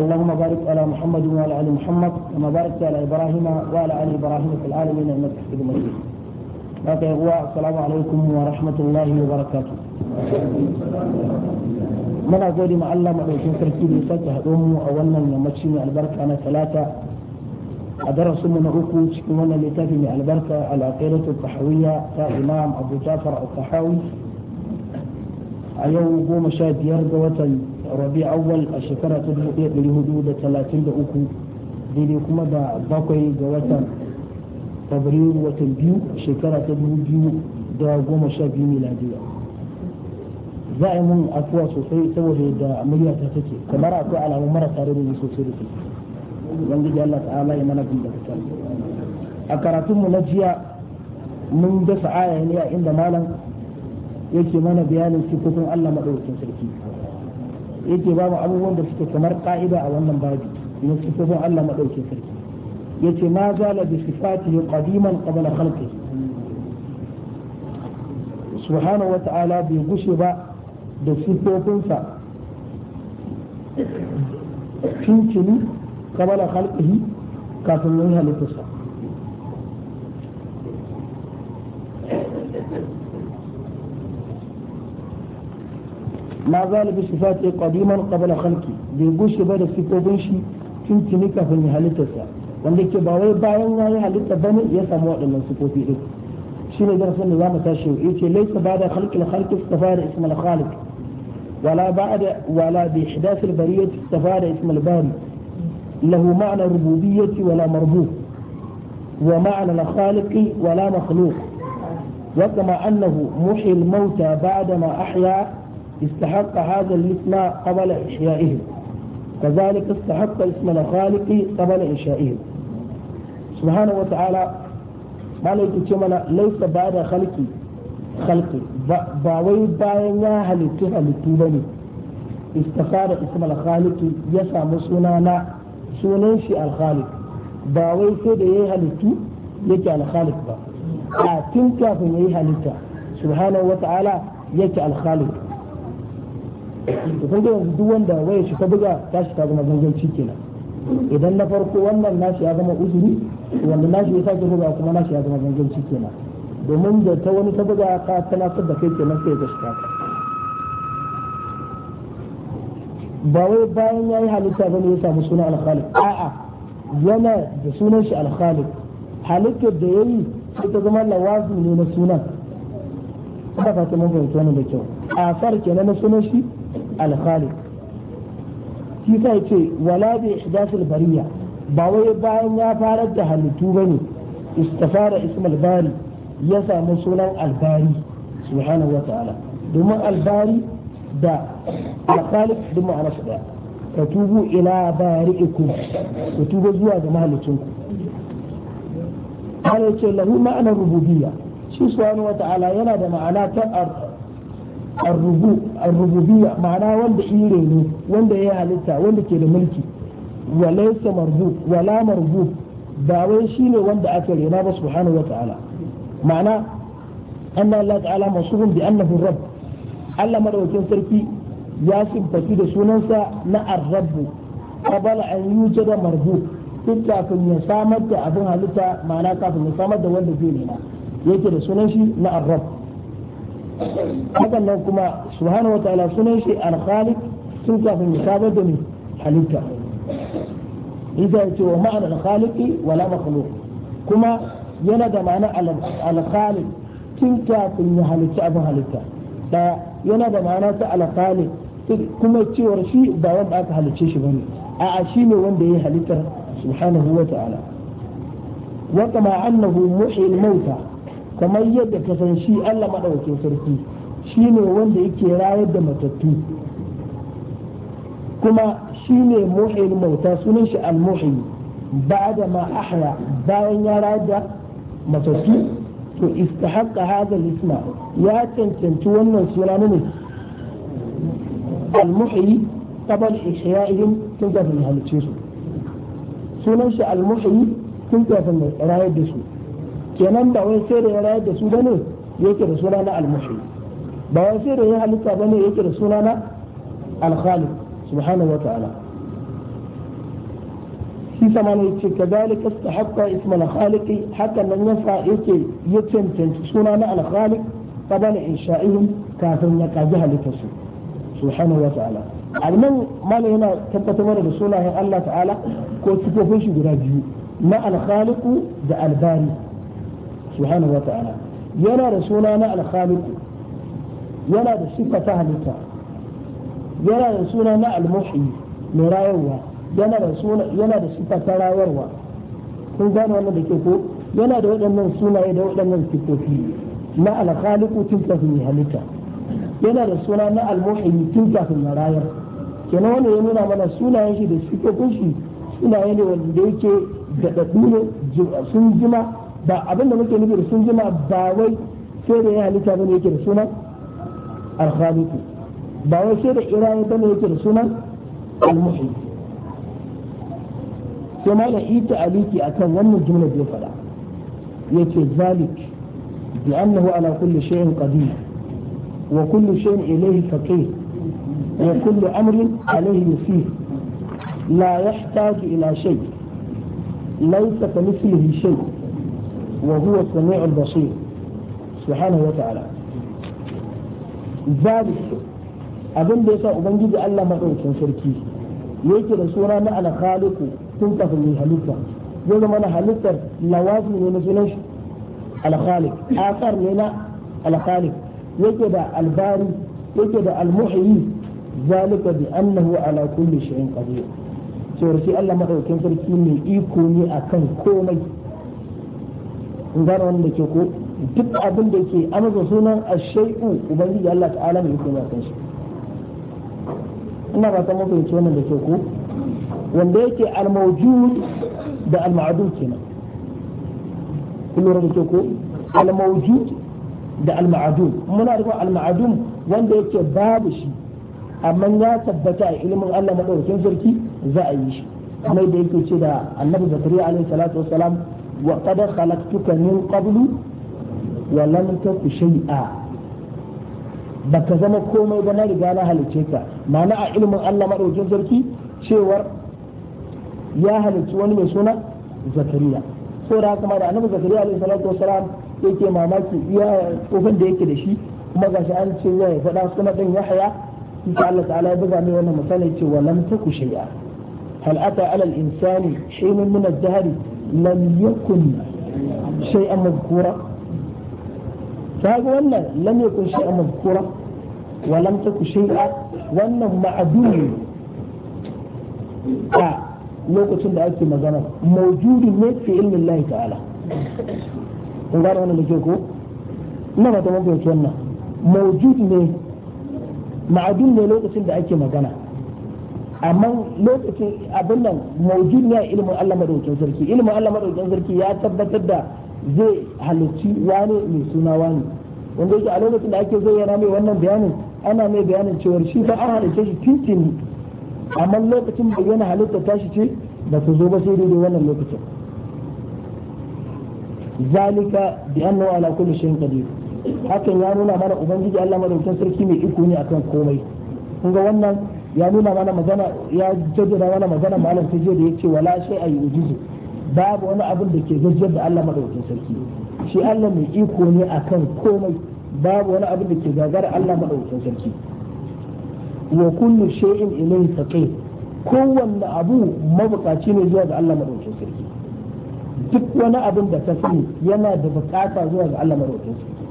اللهم بارك على محمد وعلى ال محمد كما باركت على ابراهيم وعلى ال ابراهيم في العالمين انك حميد مجيد. هذا هو السلام عليكم ورحمه الله وبركاته. مالا غوري ما الله ما بيكون تركيب لسات هدومو اولا يمشي من البركة انا ثلاثة ادرى سمنا اوكو شكونا لتافي البركة على قيرة الطحوية تا ابو جعفر الطحاوي ايو قوم شاد يرقوة rabi awal a shekara ta dubu ɗaya ɗari hudu da talatin da uku daidai kuma da bakwai ga watan fabrairu watan biyu shekara ta dubu biyu da goma sha biyu miladiya za a yi mun afuwa sosai saboda da murya ta take kamar akwai alamun mara tare da ni sosai da take ubangiji Allah ta'ala ya mana bin da ta a karatunmu na jiya mun dasa aya ne a inda malam yake mana bayanin sifofin Allah madaukakin sarki yake ba mu abubuwan da suke kamar ka'ida a wannan babi na sifofin Allah maɗauki sarki yace ma zala bi sifatihi qadiman qabla khalqihi subhanahu wa ta'ala bai gushe ba da sifofinsa tuntuni qabla khalqihi kafin yin halittarsa ما زال بصفاته قديما قبل خلقي بيقوش بعد سيكو بنشي تنتي نكا في نهالتا سا وانديك باوي باين ناي هالتا بني يسا موعد من سيكو في ايه شين درس النظام تاشيو ليس بعد خلق الخلق استفاد اسم الخالق ولا بعد ولا بإحداث البرية استفاد اسم الباري له معنى الربوبيه ولا مربوط ومعنى الخالق ولا مخلوق وكما أنه محي الموتى بعدما أحيا استحق هذا الاسم قبل إحيائهم كذلك استحق اسم الخالق قبل إنشائهم سبحانه وتعالى ما ليس ليس بعد خلقي خلقي باوي باين يا هلتو هلتو بني استخار اسم الخالق يسا مسنانا سننشي الخالق باوي سيد يا هلتو يجي الخالق با آه، تنكا في يا هلتا سبحانه وتعالى يجي الخالق to kun ga yanzu duk wanda waya shi ta buga tashi ta zama ganganci kenan idan na farko wannan nashi ya zama uzuri wanda nashi ya sake buga kuma nashi ya zama ganganci kenan domin da ta wani ta buga ka tunatar da kai kenan sai ka shiga ba wai bayan ya yi halitta ba ne ya samu suna alkhalik a'a yana da sunan shi alkhalik halittar da ya yi sai ta zama lawazi ne na sunan ba ta fata mun fahimta da kyau asar kenan na sunan shi al-khaliq shi sai ce wala bi ihdathil bariya ba wai bayan ya fara da halittu bane istafara ismul bari ya samu sunan albari bari subhanahu wa ta'ala domin albari da al-khaliq duk ma'ana su daya ka tubu ila bari'ikum ka tuba zuwa ga mahalicinku ana ce lahu ma'anar rububiyya shi subhanahu wa ta'ala yana da ma'ana ta الربوبية معناه وند إيريني وند إيهالتا وند كده ملكي وليس مربوب ولا مربوب باوي شيني وند أكل رب سبحانه وتعالى معناه أن الله تعالى موصوف بأنه الرب ألا مرة تركي ياسم فتيد سننسى نا الرب قبل أن يوجد مربوب duk kafin ya samar da abin halitta ma'ana kafin ya samar da wanda zai nema yake da sunan shi na arab hakan nan kuma subhanahu wa ta'ala sunan shi al-khaliq sun kafin ya saba da ni halitta idan ce wa ma'anar al-khaliqi wala makhluq kuma yana da ma'ana al-khaliq tun kafin ya halitta abin halitta da yana da ma'ana ta al-khaliq kuma cewar shi ba wanda aka halicce shi bane a'a shi ne wanda ya halittar subhanahu wa ta'ala wa kama annahu muhyil mauta kamar yadda ka san shi Allah madaukakin sarki shine wanda yake rayar da matattu kuma shine muhyil mauta sunan shi al-muhyi ba'da ma bayan ya rayar da matattu to istahaqqa hadha al-isma ya cancanci wannan suna ne al-muhyi qabl ihya'ihim tun kafin halicce su sunan shi al-muhyi tun kafin rayar da su kenan ba wai sai da ya rayar da su bane yake da suna na almuhyi ba wai sai da ya halitta bane yake da suna na alkhaliq subhanahu wa ta'ala shi sama ne ce kadalik istahaqqa isma alkhaliqi haka nan ya yake ya cancanci suna na alkhaliq qabala insha'ihim kafin ya kaji su subhanahu wa ta'ala alman malai yana tabbatar da sunayen Allah ta'ala ko sifofin shi guda biyu na alkhaliqu da albari subhanahu wa ta'ala yana da suna na al yana da ta halitta yana da suna na al mai rayarwa yana da suna yana da sifa ta rayarwa kun gane wannan da ke ko yana da waɗannan sunaye da waɗannan sifofi na al tun kafin ya halitta yana da suna na al tun kafin ya rayar kenan wannan ya nuna mana sunayen shi da sifofin shi sunaye ne wanda yake da ne sun jima ba abin da muke nufi da sun jima ba wai sai da ya halitta bane yake da sunan al-khaliqu ba wai sai da irayi bane yake da sunan al-muhyi sai ma da ita aliki akan wannan jumla da ya faɗa yace zalik bi annahu ala kulli shay'in qadir wa kullu shay'in ilayhi faqir wa kullu amrin alayhi yusir la yahtaju ila shay laysa kamithlihi shay' وهو السميع البصير سبحانه وتعالى ذلك abin da yasa ubangiji Allah madaukakin sarki yake da suna na al khaliqu tun kafin yi halitta ya zama na halittar lawazi ne na sunan shi al khaliq akar ne na al khaliq yake da al bari yake da al muhyi zalika bi annahu ala kulli shay'in qadir to sai Allah madaukakin sarki ne iko ne akan komai in gane wanda ke ko duk abin da ke amsa sunan ashai'u ubangiji Allah ta'ala mai hukuma kan shi ina ba ta mun fahimci wannan da ke ko wanda yake al-mawjud da al-ma'dud kenan kullu da ke ko al-mawjud da al-ma'dud muna da al-ma'dud wanda yake babu shi amma ya tabbata a ilimin Allah madaukakin sarki za a yi shi mai da yake ce da annabi zakariya alaihi salatu wassalam wa qad khalaqtuka min qablu wa lam baka zama komai ba na riga na halice ka ma'ana a ilimin Allah madaukin sarki cewar ya halicci wani mai suna zakariya saboda haka ma da annabi zakariya alaihi salatu wasalam yake mamaki iya tsofin da yake da shi kuma gashi an ce ya faɗa suna ɗan yahaya insha Allah ta'ala ya buga mai wannan misali ce lam taku shay'a hal ata ala insani shay'un min lam yakun shay'an mazkura kaga wannan lam yakun shay'an mazkura wa lam a lokacin da ake magana mawjudun ne fi ilmin Allah ta'ala kun gane wani da ko ina ba ta mafi wannan mawjud ne ma'adun ne lokacin da ake magana amma lokacin abin nan maujin ne a ilimin Allah madaukin sarki ilimin Allah madaukin sarki ya tabbatar da zai halicci wani mai suna wani wanda yake a lokacin da ake zayyana mai wannan bayanin ana mai bayanin cewar shi fa an halicce shi tintini amma lokacin yana halitta tashi ce ba ta zo ba sai daidai wannan lokacin zalika bi annahu ala kulli shay'in qadir hakan ya nuna mana ubangiji Allah madaukin sarki mai iko ne akan komai kun ga wannan ya nuna mana magana ya jaddada mana magana malam ta da yace wala shay ay yujizu babu wani abin da ke gajiyar da Allah madaukakin sarki shi Allah mai iko ne akan komai babu wani abin da ke gagara Allah madaukakin sarki wa kullu shay'in ilayhi faqih kowanne abu mabukaci ne zuwa ga Allah madaukakin sarki duk wani abin da ka sani yana da bukata zuwa ga Allah madaukakin sarki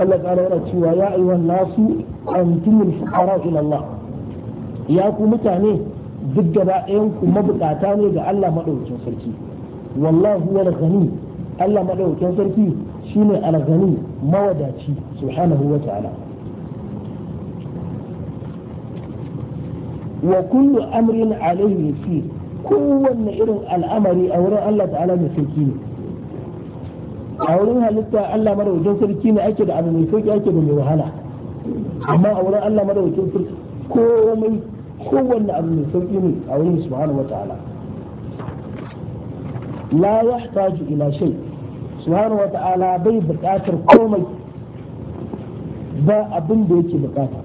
Allah ya ta'ala yana cewa ya ayyuhan nasu antumul fuqara ila Allah ya ku mutane duk gaba ɗayan ku mabukata ne ga Allah madaukakin sarki wallahu wal ghani Allah madaukakin sarki shine al ghani mawadaci subhanahu wa ta'ala wa kullu amrin alayhi fi kowanne irin al'amari a wurin Allah ta'ala mai sarki ne a wurin halitta Allah madaukakin sarki ne ake da abu mai sauki ake da mai wahala amma a wurin Allah madaukakin sarki komai kowanne abu mai sauƙi ne a wurin subhanahu ta'ala la yahtaju ila shay subhanahu ta'ala bai buƙatar komai ba abin da yake buƙata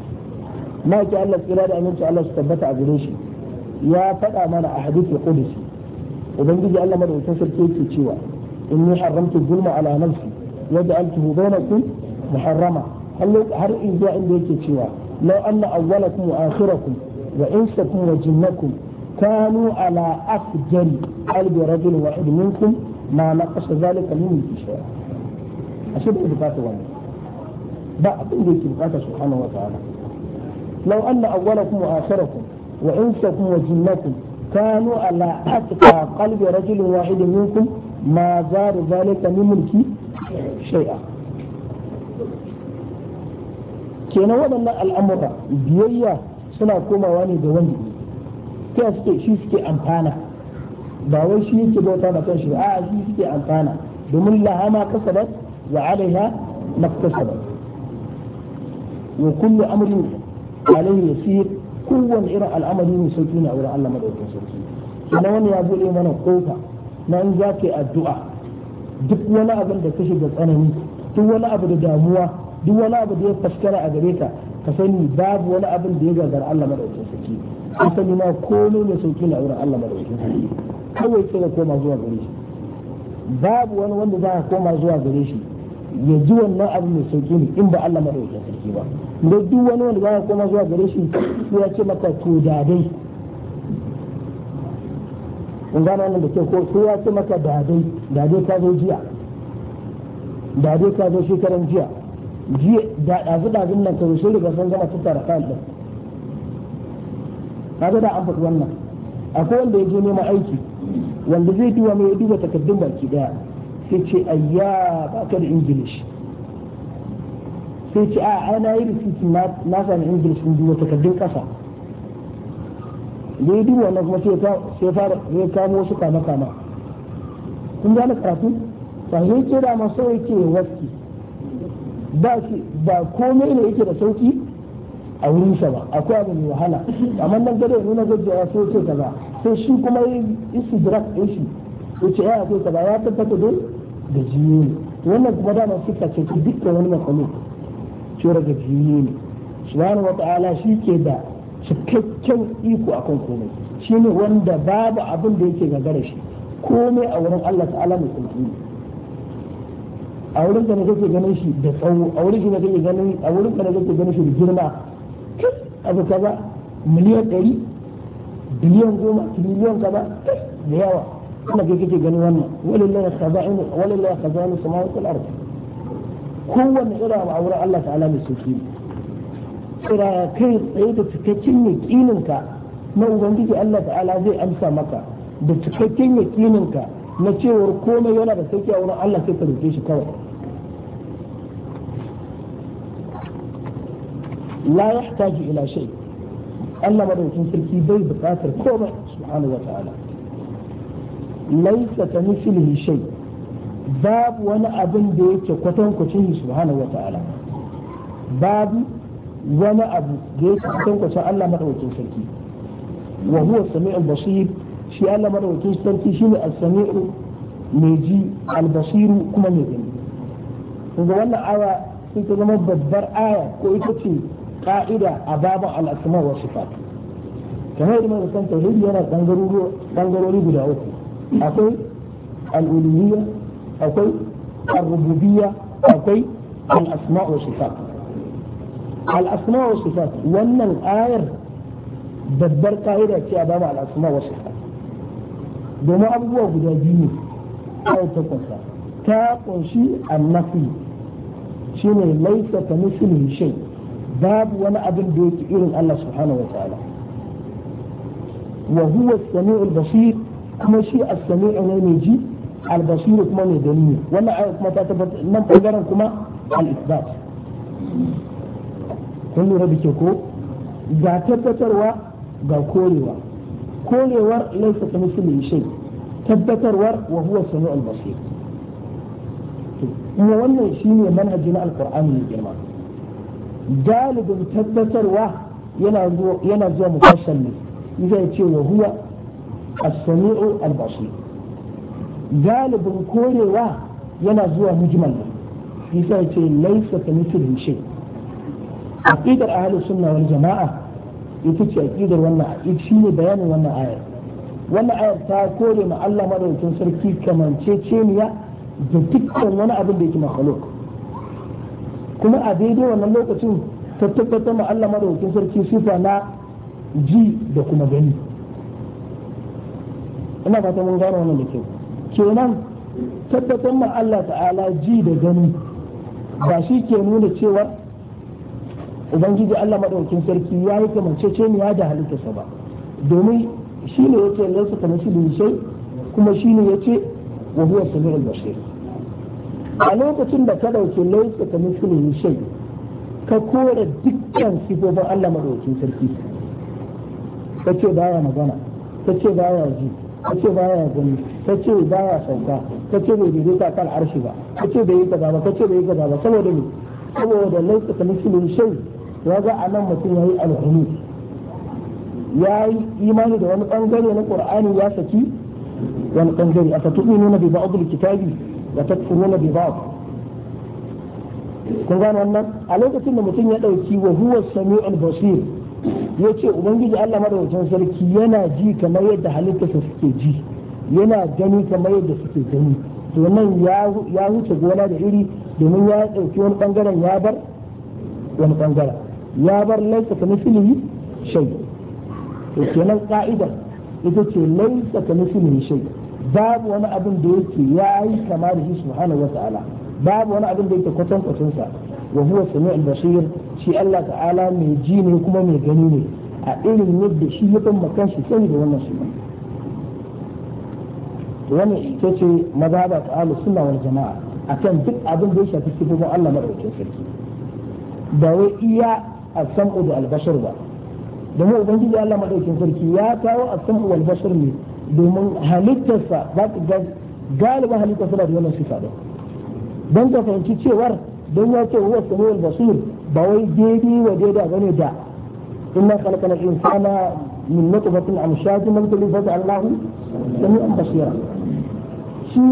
ma ki Allah tsira da aminci Allah su tabbata a gare shi ya faɗa mana a hadithul qudsi ubangiji Allah madaukakin sarki yake cewa inni haramtu zulma ala nafsi waja'altuhu bainakum muharrama har in zuwa inda yake cewa law anna awwalakum wa akhirakum وإنسكم وجنكم كانوا على أفجر قلب رجل واحد منكم ما نقص ذلك من شيئا أشد بقات وانا بعض ذلك سبحانه وتعالى لو أن أولكم وآخركم وإنسكم وجنكم كانوا على أتقى قلب رجل واحد منكم ما زار ذلك من ملكي شيئا kenan waɗannan الأمر بيئة suna komawa ne da wani. ta suke shi suke amfana ba wai shi yake bauta da kanshi ba a shi suke amfana domin lahama kasabat wa alaiha maktasabat wa kullu amrin alaihi yasir kowanne irin al'amari ne sauki ne a wurin Allah madaukakin sarki kuma wani ya bude mana kofa na in za ka yi addu'a duk wani abin da ka shiga tsanani duk wani abu da damuwa duk wani abu da ya faskara a gare ka ka sani babu wani abin da ya gagara Allah madaukakin sarki ka sani ma komai ne sauki na wurin Allah madaukakin sarki kawai sai ka koma zuwa gare shi babu wani wanda za ka koma zuwa gare shi ya ji wannan abu mai sauki ne in ba Allah madaukakin sarki ba da duk wani wanda za ka koma zuwa gare shi ya ce maka to da dai in gane wannan da ke ko sai ya ce maka da dai da dai ka zo jiya da dai ka zo shekaran jiya jiya da ɗazu ɗazun nan to sun riga sun gama tattara kan ɗin kaga da an faɗi wannan akwai wanda ya je neman aiki wanda zai duba mai duba takardun baki daya sai ce ayya baka da ingilish sai ce a ana yi risiti na sami ingilish in duba takardun ƙasa da ya duba wannan kuma sai fara ya kamo wasu kama kama kun gane karatu ba sai ce da masu yake waski ba komai ne yake da sauki a wurin sa ba akwai abu mai wahala amma nan gado na nuna gajiyawa sai ce kaza sai shi kuma yi isi drag din shi ya ya akwai kaza ya tabbata dai da jiye ne wannan kuma da masu ce ki dukkan wani makami cewa da jiye ne subhanahu wa ta'ala shi ke da cikakken iko akan komai shi wanda babu abin da yake gagara shi komai a wurin Allah ta'ala mai sauki ne a wurin ka ne kake ganin shi da tsawo a wurin da ne kake ganin a wurin ka ne ganin shi da girma kai abu kaza miliyan ɗari biliyan goma biliyan kaza kai da yawa kuma ke kake ganin wannan walillahi khaza'inu walillahi khaza'inu samawati wal ardi kowanne ira ba a wurin Allah ta'ala mai sauki tsira kai tsaye da cikakken yaƙinin ka na ubangiji Allah ta'ala zai amsa maka da cikakken yaƙinin ka na cewar komai yana da sauki a wurin Allah sai ka roƙe shi kawai la yahtaju ila shay Allah madaukin sarki bai buƙatar komai subhanahu wata'ala laisa ka mislihi shay babu wani abin da yake kwatankwacin shi subhanahu wata'ala babu wani abu da yake kwatankwacin Allah madaukin sarki wa huwa samiul basir shi Allah madaukakin sarki shine as-sami'u mai ji al-basiru kuma mai gani yanzu wannan aya sai ta zama babbar aya ko ita ce ka'ida a babin al-asma wa sifat kamar yadda muka san tauhidi yana bangarori guda uku akwai al-uluhiyya akwai al-rububiyya akwai al-asma wa sifat al-asma wa sifat wannan ayar babbar ka'ida ce a babin al-asma wa sifat domin abubuwa guda biyu ne ayat takwas ta kunshi annafi shine laisa ka mislihi shay babu wani abin da yake irin Allah subhanahu wa ta'ala wa huwa samiul basir kuma shi as-sami'u ne mai ji al-basir kuma mai gani wannan ayat kuma ta tabbata nan bangaren kuma al-isbat kun lura da ke ko ga tabbatarwa ga korewa korewar laisa ta musulmi shai tabbatarwar wa huwa sami albasir kuma wannan shi ne manhaji na alkur'ani mai girma galibin tabbatarwa yana zuwa mufassal ne zai ce wa huwa as-sami'u al-basir galibin korewa yana zuwa mujmal ne yasa ce laisa ka mithlihi shay aqidar ahli sunna wani jama'a ita ce aƙidar wannan shi ne bayanin wannan ayar wannan ayar ta kore ma Allah madaukakin sarki kamanceceniya da dukkan wani abin da yake makhluk kuma a daidai wannan lokacin ta tabbatar ma Allah madaukakin sarki sifa na ji da kuma gani ina fata mun gano wannan da kyau kenan tabbatar ma Allah ta'ala ji da gani ba shi ke nuna cewa ubangiji Allah madaukakin sarki ya yi kamanceceniya da halittarsa ba domin shi ne yake lansa kamar shi da kuma shi ne yace wa huwa samiul basir a lokacin da ka dauke lansa kamar shi da ka kore dukkan sifofin Allah madaukakin sarki kace baya magana kace baya ji kace baya gani kace baya sauka kace bai bi ta kan arshi ba kace bai yi kaza ba kace bai yi ba saboda ne saboda lansa kamar shi da ya ga a nan mutum ya yi alhuni ya yi imani da wani bangare na qur'ani ya saki wani bangare aka tu'minuna bi ba'd da kitabi wa takfuruna bi ba'd kun gane wannan a lokacin da mutum ya ɗauki wa huwa sami samiul basir ce ubangiji Allah madaukakin sarki yana ji kamar yadda halittarsa suke ji yana gani kamar yadda suke gani to nan ya wuce gona da iri domin ya ɗauki wani ɓangaren ya bar wani ɓangaren ya bar laisa ka mislihi shay to kenan ka'ida ita ce laisa ka mislihi shai babu wani abin da yake yayi kama da shi subhanahu wata'ala babu wani abin da yake kwatan kwatan sa wa huwa sami'ul basir shi Allah ta'ala mai ji ne kuma mai gani ne a irin yadda shi ya ban makan shi sai da wannan shi wannan ita ce mazhaba ta ahlus sunna wal jama'a akan duk abin da ya shafi sifofin Allah madaukakin sarki da wai iya as-sam'u da al-bashar ba domin ubangiji Allah madaukin sarki ya kawo as-sam'u wal bashar ne domin halittarsa ba ga galiba halittar suna da wannan sifa din don ka fahimci cewar don ya ce huwa sam'u wal basir ba wai daidai wa daidai bane da inna khalaqal insana min nutfatin amshajin nabtali fa Allahu sami'an basira shi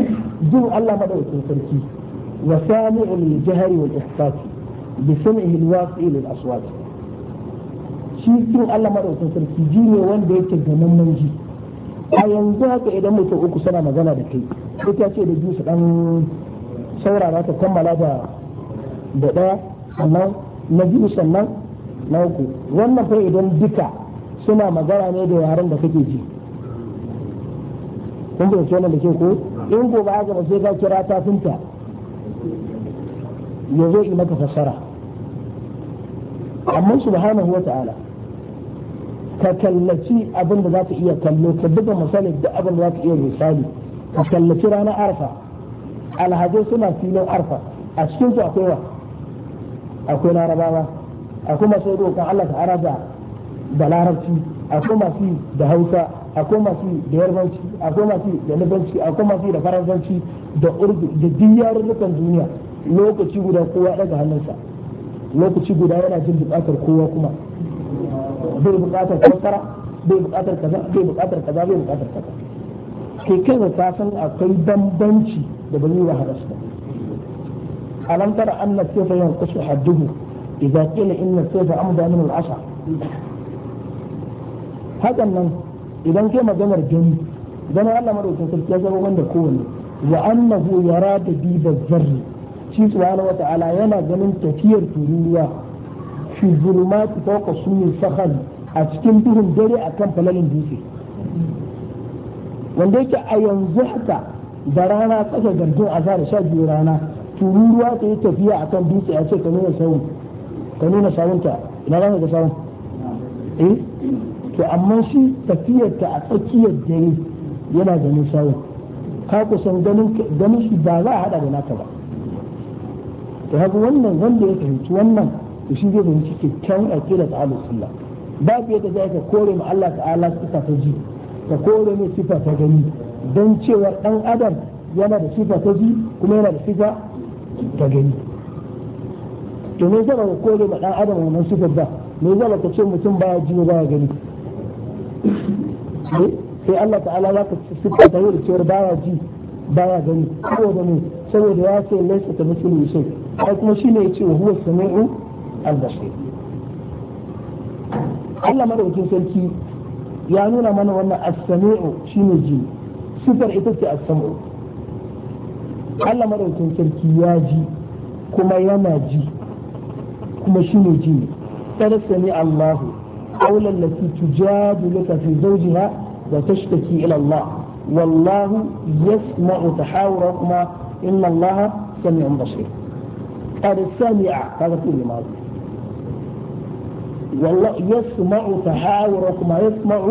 jin Allah madaukin sarki wa sami'ul jahri wal ihsasi bi sam'ihi alwasi lil aswat shi kin Allah madaukakin sarki ji ne wanda yake ganin manji a yanzu haka idan mutum uku suna magana da kai sai ta ce da biyu su dan saurara ta kammala da da sannan na biyu sannan na uku wannan fa idan duka suna magana ne da yaren da kake ji kun bai kenan da ke ko in gobe aka ba sai ka kira ya zo yi maka fassara amma subhanahu wa ta'ala ka kallaci abin da za ka iya kallo ka buga misali duk abin da za ka iya misali ka kallaci ranar arfa Alhaji suna filin arfa a cikin su akwai wa akwai larabawa akwai masu roƙon Allah ta araza da larabci akwai masu da hausa akwai masu da yarbanci akwai masu da nufanci akwai masu da faransanci da urdu da duk yarurrukan duniya lokaci guda kowa daga hannunsa lokaci guda yana jin buƙatar kowa kuma bai buƙatar fassara bai buƙatar kaza bai buƙatar kaza bai buƙatar kaza ke kai da ta san akwai bambanci da ba zai wahala su ba alam tara anna sayfa yanqusu hadduhu idza qila inna sayfa amda min al-asha hakan nan idan kai maganar gani ganin Allah madaukakin sarki ya zama wanda kowanne wa annahu yara da bi zarri shi subhanahu wa yana ganin tafiyar tururuwa fi zulumati fawqa sumi sakhal a cikin duhun dare akan falalin dutse wanda yake a yanzu haka da rana tsaka gardin azhar sha biyu rana tururuwa ta yi tafiya akan dutse a ce ka nuna sawun ka nuna sawunta ina za ka sawun eh to amma shi tafiyar ta a tsakiyar dare yana ganin sawun ka kusan ganin shi ba za a hada da naka ba to haka wannan wanda ya fahimci wannan to shi zai fahimci kyakkyawan aƙida ta alu sunna babu yadda zai ka kore ma Allah ta'ala sifa ta ji ka kore mai sifa ta gani don cewa ɗan adam yana da sifa ta ji kuma yana da sifa ta gani to me zaba ka kore ma ɗan adam wannan sifa ba me zaba ka ce mutum baya ji baya gani eh, sai Allah ta'ala za ka sifa ta yi da cewar baya ji baya gani saboda ne saboda ya ce laisa ta mutum musulmi ai kuma shine yace wa huwa samiu al-basir Allah madaukakin sarki ya nuna mana wannan as-sami'u shine ji sifar ita ce as-sam'u Allah madaukakin sarki ya ji kuma yana ji kuma shine ji ne qad sami Allahu qawlan allati tujadiluka fi zawjiha wa tashtaki ila Allah wallahu yasma'u tahawurakuma inna Allah sami'un basir قد سمع هذا فعل ماضي والله يسمع تحاوركما يسمع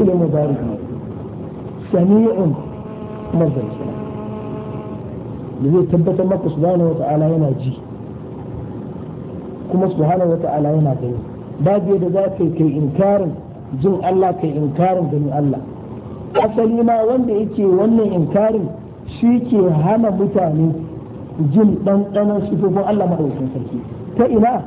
إلى مضارع سميع مصدر da zai tabbatar maka subhanahu wata'ala yana ji kuma subhanahu wata'ala yana gani babu yadda za ka kai inkarin jin Allah kai inkarin ganin Allah asali ma wanda yake wannan inkarin shi ke hana mutane jin ɗanɗanon sifofin Allah maɗaukakin sarki ta ina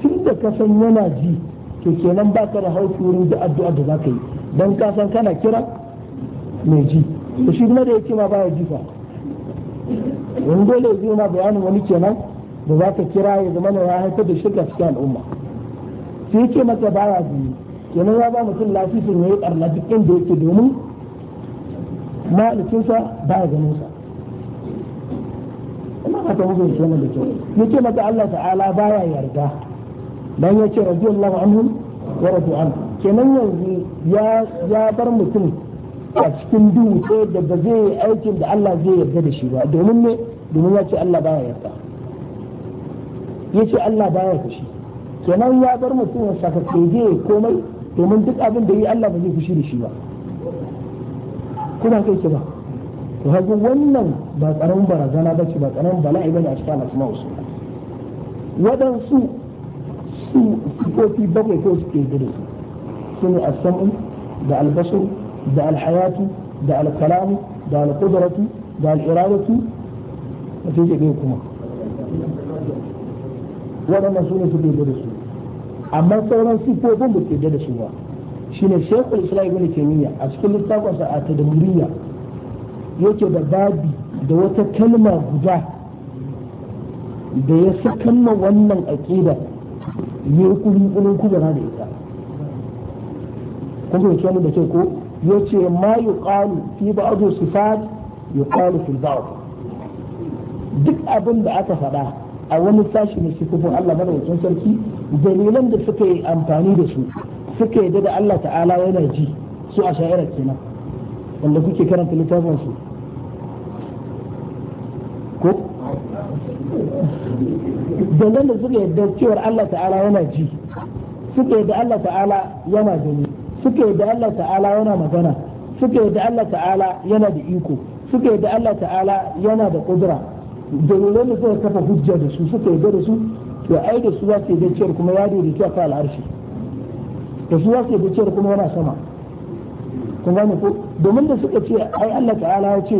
tun da ka san yana ji ke kenan ba ka da haushi wurin da addu'a da za ka yi don ka san kana kira mai ji da shi kuma da yake ba ya ji fa wani dole zai ma bayanin wani kenan da za ka kira ya zama ya haifar da shirka cikin al'umma sai yake masa baya ji kenan ya ba mutum lafisin ya yi ɓarna duk inda yake domin ba ya ganin sa ina ta musu shi da kyau yace maka Allah ta'ala baya yarda dan yace radiyallahu anhu wa radu an kenan yanzu ya ya bar mutum a cikin duhu da ba zai yi aikin da Allah zai yarda da shi ba domin ne domin ya ce Allah baya yarda ya ce Allah baya fushi kenan ya bar mutum ya saka keje komai domin duk abin da yi Allah ba zai fushi da shi ba kuna kai ki ba to haka wannan ba tsaron barazana ba ce ba tsaron bala'i ba ne a cikin al'asma wasu waɗansu su sifofi bakwai ko suke gida su su ne asam'u da albasu da alhayatu da alkalamu da alkudaratu da al'iradatu da ce ɗaya kuma waɗannan su ne suke gida su amma sauran sifofin ba ke gida su ba shine shekul islam ibn taimiyya a cikin littafinsa a tadmuriya yake da babi da wata kalma guda da ya sakanna wannan aƙida ya yi kulin kubara da ita kuma yake wani da ke ko ya ce ma yi ƙalu fi ba ajo ya ƙalu fi ba'u duk abin da aka faɗa a wani sashi na sifofin Allah madawacin sarki dalilan da suka yi amfani da su suka yi da Allah ta'ala yana ji su a sha'ira kenan wanda kuke karanta littafin su ko dangan da suka yadda cewar Allah ta'ala yana ji suka yadda Allah ta'ala yana gani suka yadda Allah ta'ala yana magana suka yadda Allah ta'ala yana da iko suka yadda Allah ta'ala yana da kudura dalilan da zai kafa hujja da su suka yadda da su to ai da su za su yadda cewar kuma ya daidaita a kan al'arshi da su za su yadda cewar kuma yana sama kun gane ko domin da suka ce ai Allah ta'ala ya ce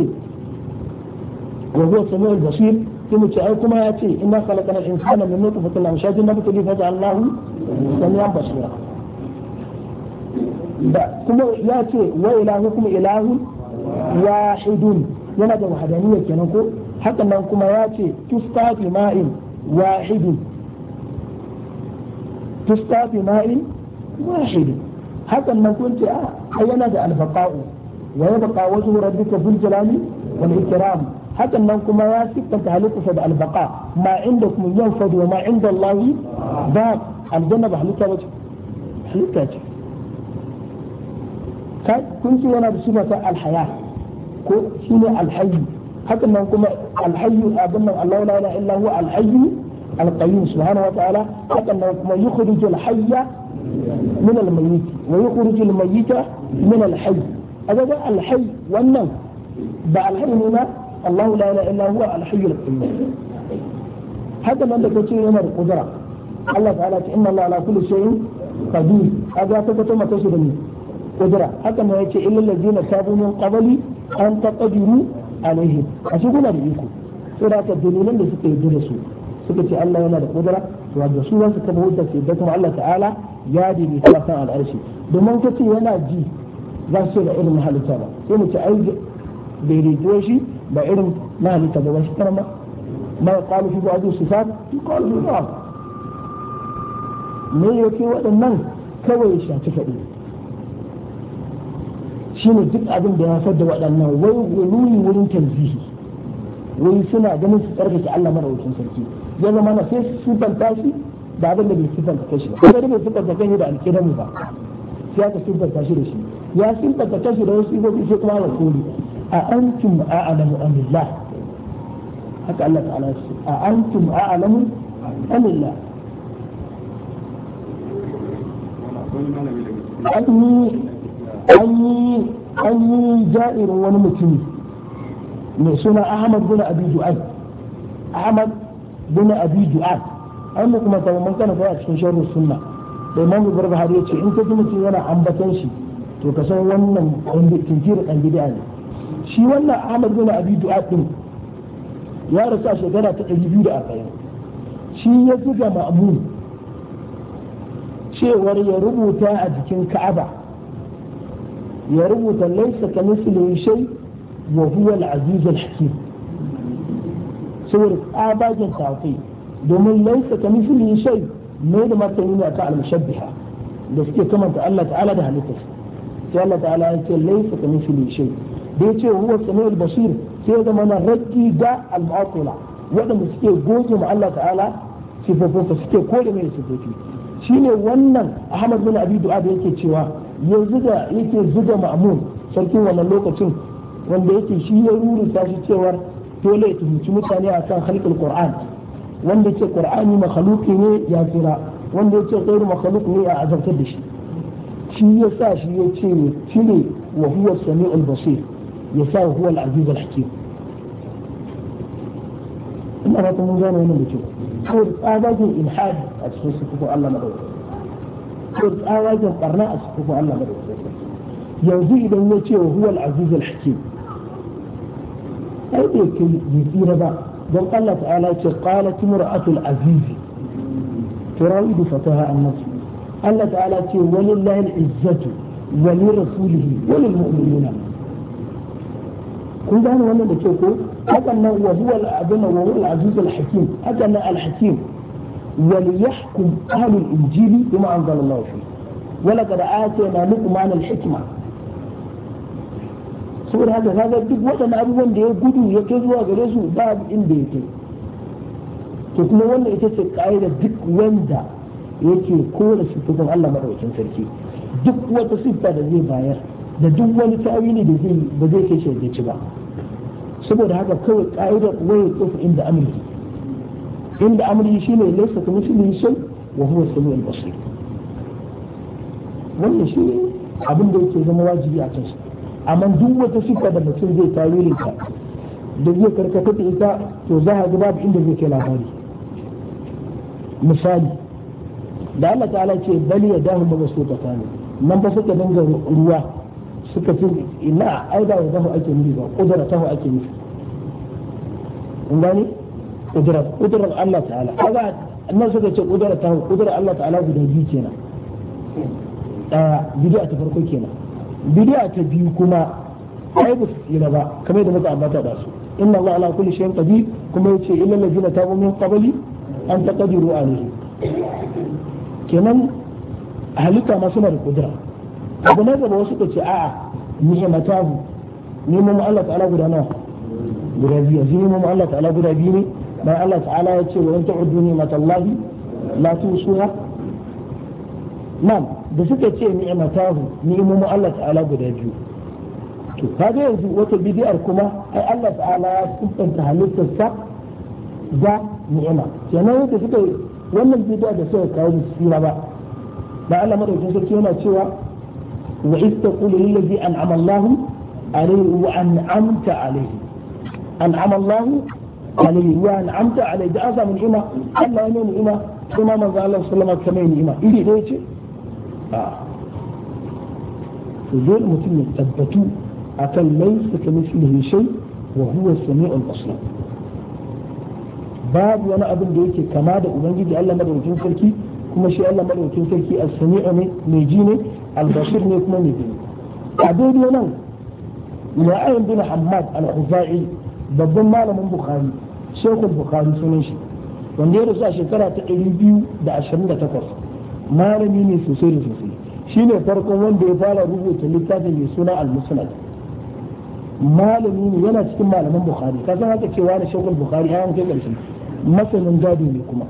wa huwa samiul basir kuma ce ai kuma ya ce inna khalaqana insana min nutfatin amshajin nabtali fa ja'alnahu samian basira da kuma ya ce wa kuma ilahun wahidun yana da wahadaniyya kenan ko haka nan kuma ya ce tusqa bi ma'in wahidin tusqa bi ma'in wahidin hakan nan kun ce a ah, yana da albaqa'u ويبقى وجه ربك ذو الجلال والإكرام حتى أنكم يا ستة تعلقوا في البقاء ما عندكم ينفد وما عند الله باق الجنة بحلوكة وجه حلوكة وجه طيب، كنت وانا بصفة الحياة شنو الحي حتى أنكم الحي أبنى الله لا إله إلا هو الحي القيوم سبحانه وتعالى حتى أنكم يخرج الحي من الميت ويخرج الميت من الحي أبدا الحي والنوم بقى الحي هنا الله لا إله إلا هو الحي القيوم هذا من ذكرت يوم القدرة الله تعالى إن الله على كل شيء قدير هذا تكتب ما تشهد قدرة هذا ما يأتي إلا الذين تابوا من قبل أن تقدروا عليهم أشكونا بإيكم سورة الدليل اللي سكي suka ce Allah yana da kudura to da su za su kafa hujja ce da kuma Allah ta'ala ya dini ta san al'arshi domin ka ce yana ji za su da irin halitta ba sai mu ce ai daidaituwa shi ba irin na ba shi karama ma ya kwalu fi ba'adu su sa yi kwalu fi ba me ya ke waɗannan kawai shi a cika ɗi shi ne duk abin da ya haifar da waɗannan wai wani wurin tanzihi wai suna ganin su tsarkake Allah maraukin sarki ya zama na sai su sifanta shi da abin da bai sifanta kashi ba kuma da bai sifanta kanyi da alƙidamu ba sai aka siffanta shi da shi ya siffanta kanshi da wasu sifofi sai kuma aka koli a antum a'lamu amillah haka Allah ta'ala ya ce a antum a'lamu amillah an yi an yi ja'irin wani mutumi mai suna Ahmad bin Abi Du'ad Ahmad bin Abi Du'ad an kuma ta mun kana a cikin sharru sunna da imam barbahari ya ce in ka ji mutum yana ambatan shi to ka san wannan kinkirin dan bid'a ne shi wannan Ahmad bin Abi Du'ad din ya rasu a shekara ta 240 shi ya zuga ma'mun cewar ya rubuta a jikin Ka'aba ya rubuta laisa ka mislihi shay wa huwa al-aziz al-hakim saboda tsabagen tafai domin laisa ka mislihi shay mai da martani ne akan al-mushabbiha da suke kamanta Allah ta'ala da halittarsa sai Allah ta'ala ya ce laysa kamithlihi shay da ya ce huwa basir sai ya zama na raddi da al waɗanda suke goge ma Allah ta'ala sifofinsa suke kore mai sifofi shine wannan Ahmad bin Abi Du'ad yake cewa ya yake zuga ma'mun sarkin wannan lokacin wanda yake shi ya rurrusa shi cewar dole ya tuhunci mutane akan halqul Qur'an wanda ce qur'ani makhluqi ne ya tsira wanda ya ce ghairu makhluq ne ya azabtar da shi shi ya sa shi ya ce cire wa huwa sami'ul basir ya sa huwa al-aziz al-hakim ina ba ta mun gane wannan da kyau kawai tsabagen ilhad a cikin sufufin Allah madaukakin kawai tsabagen barna a sufufin Allah madaukakin yanzu idan ya ce wa huwa al-aziz al-hakim ai bai kai tsira ba بل الله تعالى قالت امرأة العزيز تراود فتاها النصر الله تعالى ولله العزة ولرسوله وللمؤمنين كل ده وانا بتشوفه أجل وهو العظيم وهو العزيز الحكيم أجل الحكيم وليحكم أهل الإنجيل بما أنزل الله فيه ولقد آتينا عن الحكمة saboda haka kaga duk waɗanda abubuwan da ya gudu ya ke zuwa gare su babu inda kai to kuma wannan ita ce ƙa'ida duk wanda yake kora sifofin Allah madaukakin sarki duk wata siffa da zai bayar da duk wani tawili da zai ba zai kai shi ci ba saboda haka kawai ƙa'idar waye tsofa inda amri inda amri shine laysa shi ne shay wa huwa samiul basir wannan shi abin da yake zama wajibi a kansa amma duk wata sifa da mutum zai tawilin ta da zai karkata da ita to za a gaba babu inda zai kai labari misali da Allah ta'ala ce bali ya dahu ba su ta kame nan ba suka danga ruwa suka ce ina ai da dahu ake nufi ba kudura tahu ake nufi in gani kudura kudura Allah ta'ala kaga nan suka ce kudura tahu kudura Allah ta'ala guda biyu kenan daya bid'a ta farko kenan bid'a ta biyu kuma ai ba su tsira ba kamar da muka ambata da su inna Allah ala kulli shay'in qadir kuma yace illa allazina tabu min qabli an taqdiru alayhi kenan halitta ma suna da kudura abu na gaba wasu kace a'a ni'matahu mu Allah ta'ala guda nawa guda biyu yanzu mu Allah ta'ala guda biyu ne bayan Allah ta'ala ya ce wa in ta'uddu ni'matallahi la tusuha nan da suka ce ni'imatahu ni'imomin Allah ta'ala guda biyu to kaga yanzu wata bidiyar kuma ai Allah ta'ala ya kuntanta halittarsa da ni'ima kenan yadda suka wannan bidiyar da suka kawo su tsira ba da Allah madaukakin sarki yana cewa wa istaqulu lil ladzi an'ama Allah alayhi wa an'amta alayhi an'ama Allah alayhi wa an'amta alayhi da azamin ni'ima Allah ya nuna ni'ima kuma manzo Allah sallallahu alaihi wasallam kamar ni'ima iri dai ce فدول آه. متم يتبتوا أكل ليس كمثله شيء وهو سميع الأصل باب وانا أبن ديك كما دا أبنجي دي الله مدر وتنسلكي كما شيء الله مدر وتنسلكي السميع نيجيني البشر نيكما نيجيني أبين وانا لا أين بن حماد الخزاعي babban malamin bukhari shekul bukhari sunan shi wanda ya rasu a shekara ta 228 malami ne sosai da sosai ne farkon wanda ya fara rubuta littafin mai suna al-musnad malami ne yana cikin malaman bukhari ka san haka cewa da shagul bukhari ya kai karshe masanin gado ne kuma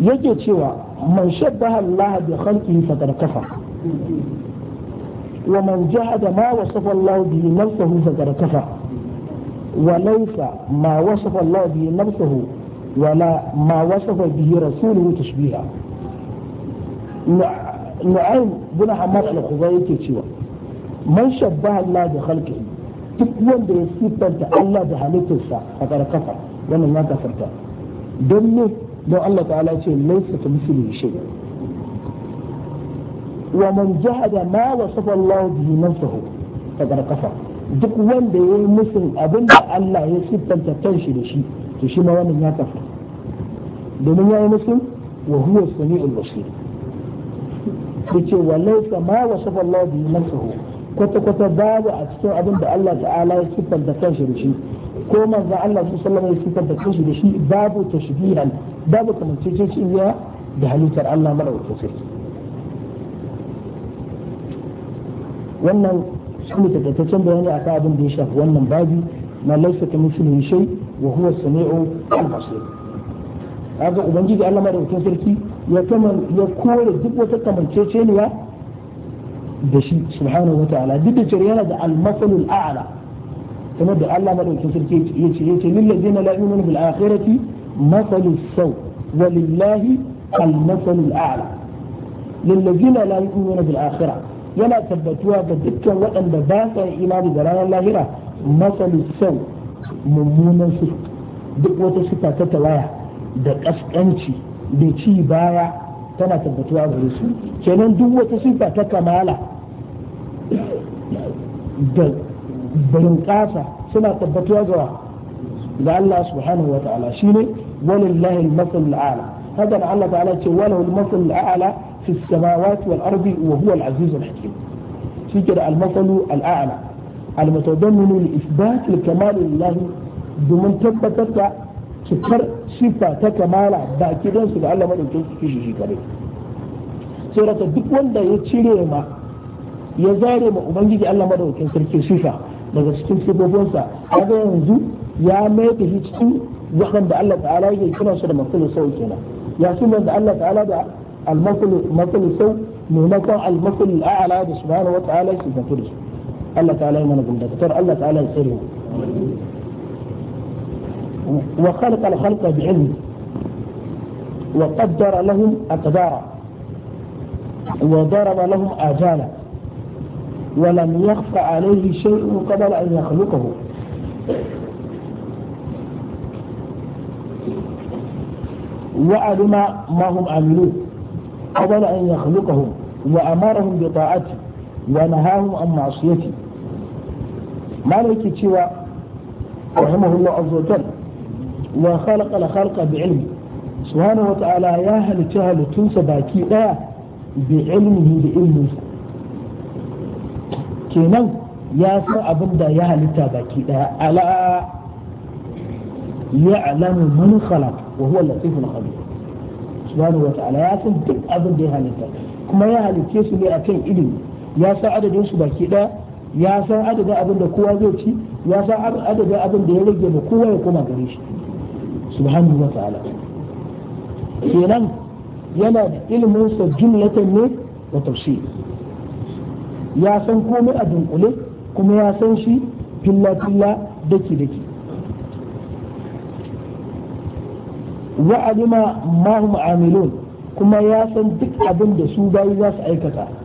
yake cewa man shabbaha Allah bi khalqihi faqad kafa wa man jahada ma wasafa Allah bihi nafsuhu faqad kafa wa laysa ma wasafa Allah bi nafsihi ولا ما وصف به رسوله تشبيها نعيم بن حمار الخزاعي cewa man shabbaha Allah da khalqihi duk wanda ya siffanta Allah da halittarsa a karkafa wannan ya kafarta don ne don Allah ta'ala ce laisa ta misali shay wa man jahada ma duk wanda ya yi musun abinda Allah ya siffanta kanshi da shi to shi ma wannan ya kafa domin ya yi musu wa huwa sami'ul basir yace wa laysa ma wasafa Allah bi nafsihi kwata kwata babu a cikin abin da Allah ta'ala ya sifanta kanshi da shi ko manzo Allah su sallama ya sifanta kanshi da shi babu tashbihan babu kamancece da halittar Allah madaukakin sai wannan shi ne takaitaccen bayani akan abin da ya shafi wannan babi ما ليس كمثله شيء وهو السميع البصير kaga ubangiji Allah madaukakin sarki ya kaman ya kore duk wata kamanceceniya da shi subhanahu wataala duk da cewa yana da al-masalul a'la kamar da Allah madaukakin sarki ya ce ya ce lil ladina la yu'minu bil akhirati masalus saw wa lillahi al-masalul a'la lil ladina la yu'minu bil akhirah yana tabbatuwa ga dukkan waɗanda ba sa imani da ranar lahira matsalin sal mummunan su duk wata sifa ta tawaya da ƙasƙanci da ci baya tana tabbatuwa gare su kenan duk wata sifa ta kamala da barin ƙasa suna tabbatuwa ga ga Allah subhanahu wa ta'ala shine walillahi al-masal al-a'la هذا الله تعالى وله المثل الأعلى في السماوات والأرض وهو العزيز الحكيم شجر المثل الأعلى المتضمن لإثبات الكمال لله domin tabbatar da cikar sifa ta kamala ba kidan su da Allah madaukin su shi kare sai raka duk wanda ya cire ma ya zare ma ubangiji Allah madaukin sarki sifa daga cikin sifofinsa kaga yanzu ya mai shi cikin waɗanda Allah ta'ala ya kira su da makulu sau kenan ya sunan da Allah ta'ala da al-makulu makulu sau maimakon al-makulu a'ala da subhanahu wa ta'ala su tafi الله تعالى يمنظم دكتور الله تعالى يسره وخلق الخلق بعلم وقدر لهم أقدارا وضرب لهم آجالا ولم يخف عليه شيء قبل أن يخلقه وعلم ما هم عملوه قبل أن يخلقهم وأمرهم بطاعته ونهاهم عن معصيتي ما لك سوى رحمه الله عز وجل وخلق الخلق بعلم سبحانه وتعالى يا هل تهل تنسى باكي لا بعلمه بعلمه كنو يا سا أبن دا يا هل باكي لا ألا يعلم من خلق وهو اللطيف الخبير سبحانه وتعالى يا سا أبن دا يا هل كما يا هل تيسو لأكين إلمه ya san adadin su baki ɗaya ya san adadin abin da kowa zai ci ya san adadin abin da ya rage ba kowa ya koma gare shi subhanahu wa ta'ala kenan yana da ilimin sa jumlatan ne da tafsir ya san komai a dunkule kuma ya san shi filla filla daki daki wa alima ma hum amilun kuma ya san duk abin da su bayi za su aikata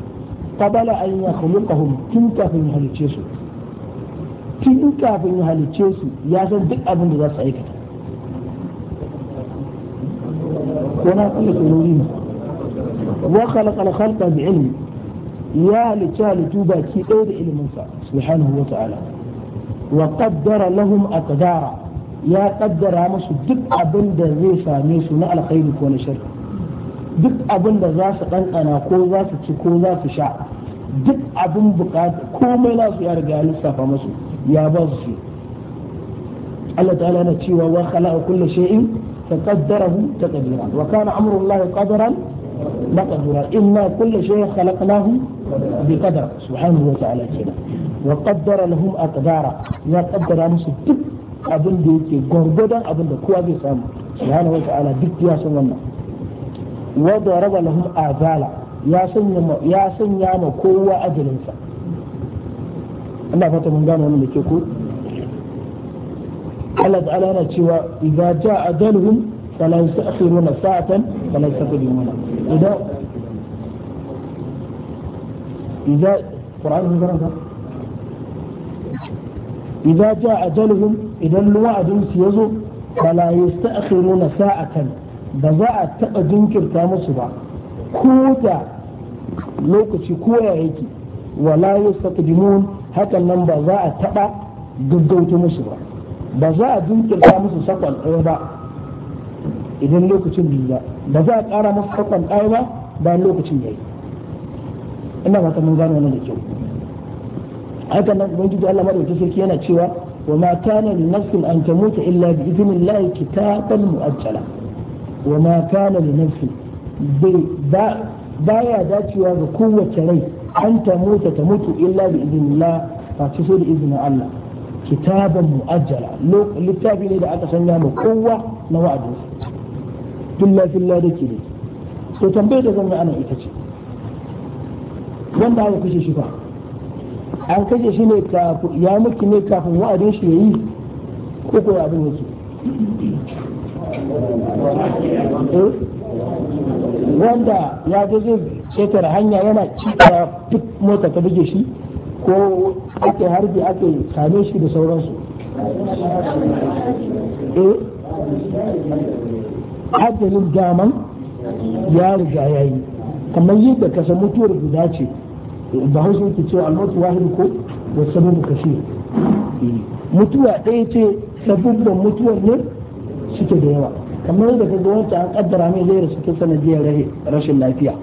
قبل أن يخلقهم تن كافن تشيسو تن كافن يهلكيسو تشيسو يازن دك أبن ذا سايك ونا كل سنورين وخلق الخلق بعلم يا لتال توبا كي أيد إلمنسا سبحانه وتعالى وقدر لهم أقدارا يا قدر مس دك أبن ذا ريسا ميسو نعلى خيرك ونشرك duk abin da za su ɗanɗana ko za su ci ko za su sha duk abin bukata komai na su ya riga ya lissafa musu ya ba su shi Allah ta'ala na cewa wa khalaqa kulli shay'in fa qaddarahu taqdira wa kana amru Allah qadaran kulli shay'in khalaqnahu bi qadar subhanahu wa ta'ala وتعالى wa qaddara lahum aqdara ya qaddara musu duk abin da yake gurgudan abin da kowa zai samu subhanahu wa ta'ala duk ya san wannan wa daraba lahum azala ya sanya ma kowa ajalinsa Allah fata mun gane wannan da ke ku Allah ta'ala yana cewa idza jaa ajaluhum fala yastakhiruna sa'atan fala yastaqdimuna idan idza qur'an karanta idza jaa ajaluhum idan wa'adin su yazo fala yastakhiruna sa'atan ba za a taba jinkirta musu ba ko da lokaci kowa yake wala yastaqdimun hakan nan ba za a taba gaggauta musu ba ba za a dinkirta musu sakon ɗaya ba idan lokacin biyu ba za a ƙara musu sakon ɗaya ba bayan lokacin yayi ina ba ta mun gano wannan da kyau hakan nan ubangiji Allah madaukake sarki yana cewa wa ma kana lin nafsin an tamuta illa bi idnillahi kitaban muajjala wa ma kana lin nafsin bai baya dacewa ga kowace rai an ta mota ta mutu illa bi idinillah ba ci so da izinin Allah kitaban mu'ajjala littafi ne da aka sanya ma kowa na wa'adin billa billa da ke to tambayar da zan yi ana ita ce wanda aka kashe shi fa an kashe shi ne kafin ya mutu ne kafin wa'adin shi yayi ko ko abin yake eh? wanda ya ji zai ketare hanya yana cika duk mota ta buge shi ko ake harbi ake same shi da sauransu eh ajalin daman ya riga ya yi kamar yadda kasa mutuwar guda ce ba hausa yake cewa almatu wahidu ko da sababu kashe mutuwa ɗaya ce sabubban mutuwar ne suke da yawa kamar yadda ka ga wancan an kaddara mai zai rasu ta sanadiyar rashin lafiya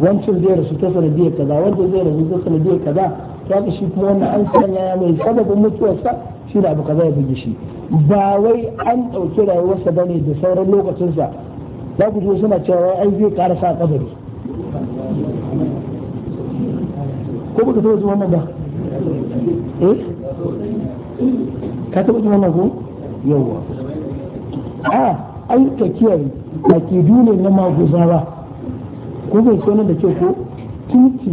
wancan zai rasu ta sanadiyar kaza wancan zai rasu ta sanadiyar kaza ya ka shi kuma wannan an sanya ya mai sababin mutuwarsa shi da abu kaza ya bugi shi ba wai an ɗauki rayuwarsa ba ne da sauran lokacinsa za ku zo suna cewa ai zai ƙara sa kabari ko taɓa wannan ba eh ka taɓa ji wannan ko yawwa a ah! ai ka kiyaye akidu ne na maguzawa ko bai so da ke ko titi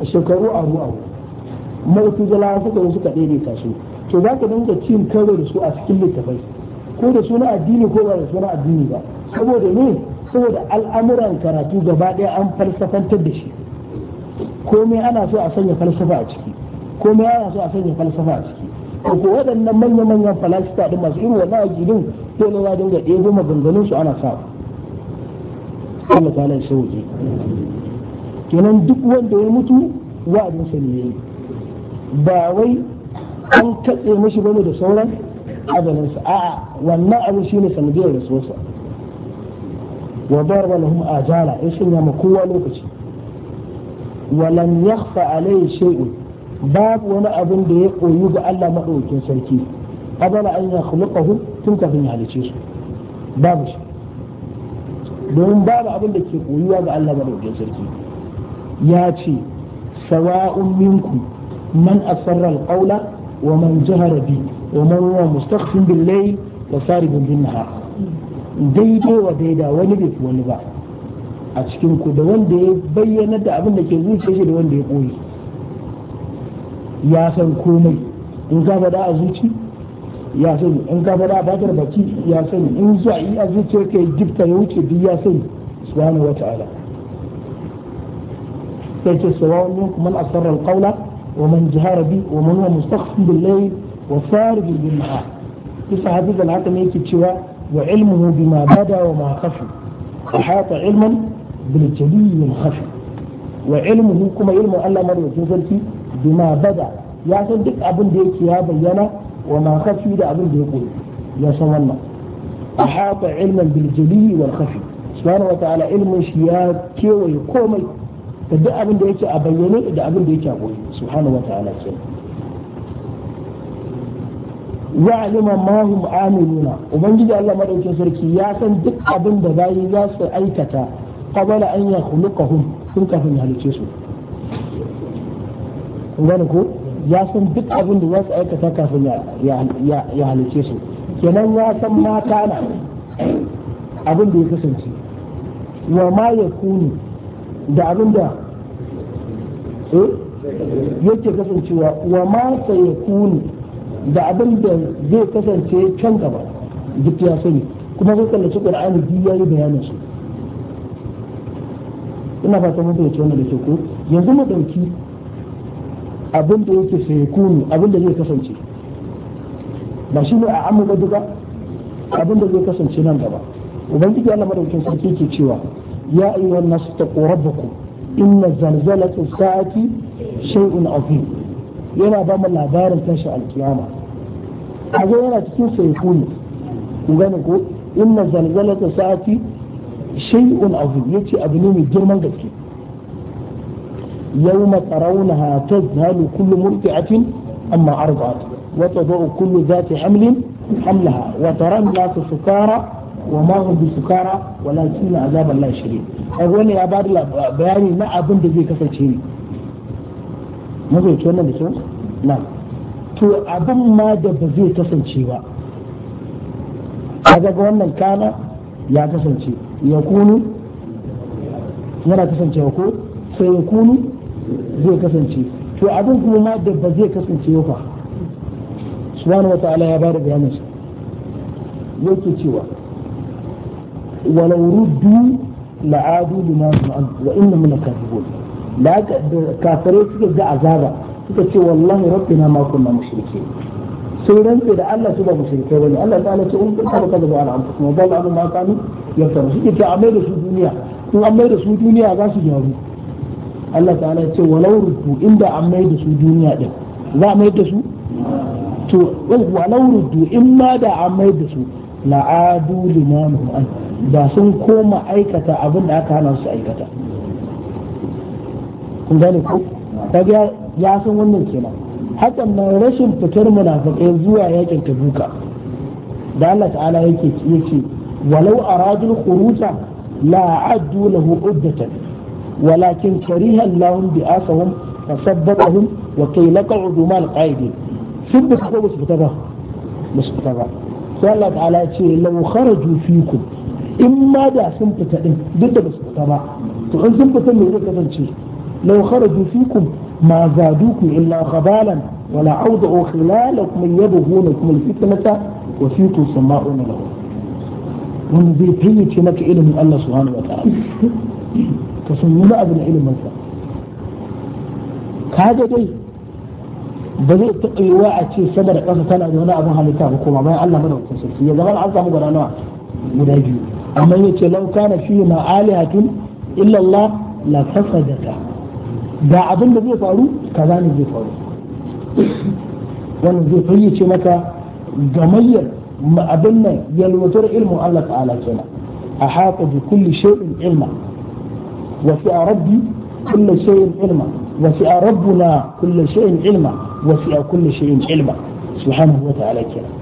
a shekaru aru aru mu'tazila suka yi suka daidaita su to za ka dinga cin karo da su a cikin littafai ko da suna addini ko ba da suna addini ba saboda ne saboda al'amuran karatu gaba ɗaya an falsafantar da shi komai ana so a sanya falsafa a ciki komai ana so a sanya falsafa a ciki ko waɗannan manya-manyan falasita ɗin masu irin wannan gidin ko ne ya dinga ɗebo maganganun su ana sa Allah ta sauke kenan duk wanda ya mutu wa'adin sa ne ba wai an katse mishi bane da sauran ajalin sa a'a wannan abu shine sanadiyar rasuwarsa wa darba lahum ajala in sun ma kowa lokaci walan yakhfa alayhi shay'un babu wani abin da ya koyu ga Allah maɗaukin sarki abala an yakhluqahu tun kafin ya halice su babu shi domin babu abin da ke koyuwa ga Allah madaukakin sarki ya ce sawa'un minku man asarra alqawla wa man jahara bi wa man huwa mustakhfin bil layl wa saribun bin nahar daidai wa daida wani bai fi wani ba a cikin ku da wanda ya bayyana da abin da ke zuciya shi da wanda ya koyi ya san komai in ka bada a zuci ya sani in ka faɗa fatar baki ya sani in zuwa yi a zuciyar ka gifta ya wuce duk ya sani subhanahu wa ta'ala sai ce sawa'un minkum man asarra alqawla wa man jahara bi wa man huwa mustakhfin bil layl wa sarib bil nahar kisa hadith al-hakim yake cewa wa ilmuhu bima bada wa ma khafi ahata ilman bil jali wal khafi wa ilmuhu kuma ilmu Allah madaukakin sarki bima bada ya san duk abin da yake ya bayyana wa ma khafi da abin da ya koyi ya san wannan ahata ilman bil jali wal subhanahu wataala ilmin shi ya kewaye komai da duk abin da yake a bayyane da abin da yake a koyi subhanahu wataala kenan ya alima ma hum amiluna ubangiji Allah madaukin sarki ya san duk abinda da bayi aikata qabala an yakhluqahum tun halice su kun ya san duk abin da za su aikata kafin ya halice su kenan ya san mata na abin da ya kasance wa ma ya kuni da abin da eh, yake kasancewa wa ma sa ya kuni da abin da zai kasance can gaba duk ya sani kuma zai kallaci ƙur'ani biyu ya yi bayanin su ina fata mun fahimci wannan da ke ko yanzu mu ɗauki abin da yake sai kunu abin da zai kasance ba shi ne a amma ba duka abin da zai kasance nan gaba ubangiji Allah madaukakin sarki ke cewa ya ayyuhan nas taqu rabbakum inna zalzalatu sa'ati shay'un azim yana ba mu labarin tashi alkiyama kaga yana cikin sai kunu gane ko inna zalzalatu sa'ati shay'un azim yace abu ne mai girman gaske يوم ترونها تذهل كل مرضعة أما أرضعت وتضع كل ذات حمل حملها وترى الناس سكارى وما هم بسكارى ولكن عذاب الله شديد أقول يا بارلا بياني ما أبن دي شيء ما زي كنا بسو نعم to abin ma da ba zai kasance ba kaga wannan kana ya kasance ya kunu yana kasancewa ko sai ya zai kasance to abin kuma ma da ba zai kasance yau ba subhanahu wata'ala ya bada bayanin sa yake cewa walau ruddu la'adu lima an wa inna min kafirun da kafare suka ga azaba suka ce wallahi rabbina ma kunna mushrikeen sun rantse da Allah su ba mushrikai bane Allah ta'ala ce in kunta baka da ala anfusukum wa dalla anhum ma kanu yaftaru suke ce ta amai da su duniya in amai da su duniya za su gyaru Allah ta'ala ya ce walau ruddu inda an mai da su duniya din za a mai da su to walau ruddu in ma da an mai da su la'adu limanuhum an da sun koma aikata abin da aka hana su aikata kun gane ko kaga ya san wannan kenan hakan nan rashin fitar munafiqai zuwa yakin tabuka da Allah ta'ala yake yace walau aradul khuruja la addu lahu uddatan ولكن كريها لهم بآسهم فثبتهم وكي لك عدوما القائدين ثبت هو بس مسبتبا سألت بتبع قال تعالى لو خرجوا فيكم إما دا سنفت إن ضد بس تقول سنفت إن يقول كذا لو خرجوا فيكم ما زادوكم إلا خبالا ولا أوضعوا خلالكم يبغونكم الفتنة وفيكم سماعون لهم ومن ذي تيجي مك الله سبحانه وتعالى ta sun wani abu da iliminsa kaga dai ba zai taɓa yiwa a ce sama da ƙasa tana da wani abin halitta ba kuma bayan Allah madaukakin sarki ya zama an samu guda nawa guda biyu amma ya ce lau kana fi ma alihatun illallah la fasadata da abin da zai faru kaza ne zai faru wannan zai fayyace maka gamayyar abin nan yalwatar ilmin Allah ta'ala kenan a haƙa bi kulli shay'in ilma وسع ربي كل شيء علما وسع ربنا كل شيء علما وسع كل شيء علما سبحانه وتعالى كلام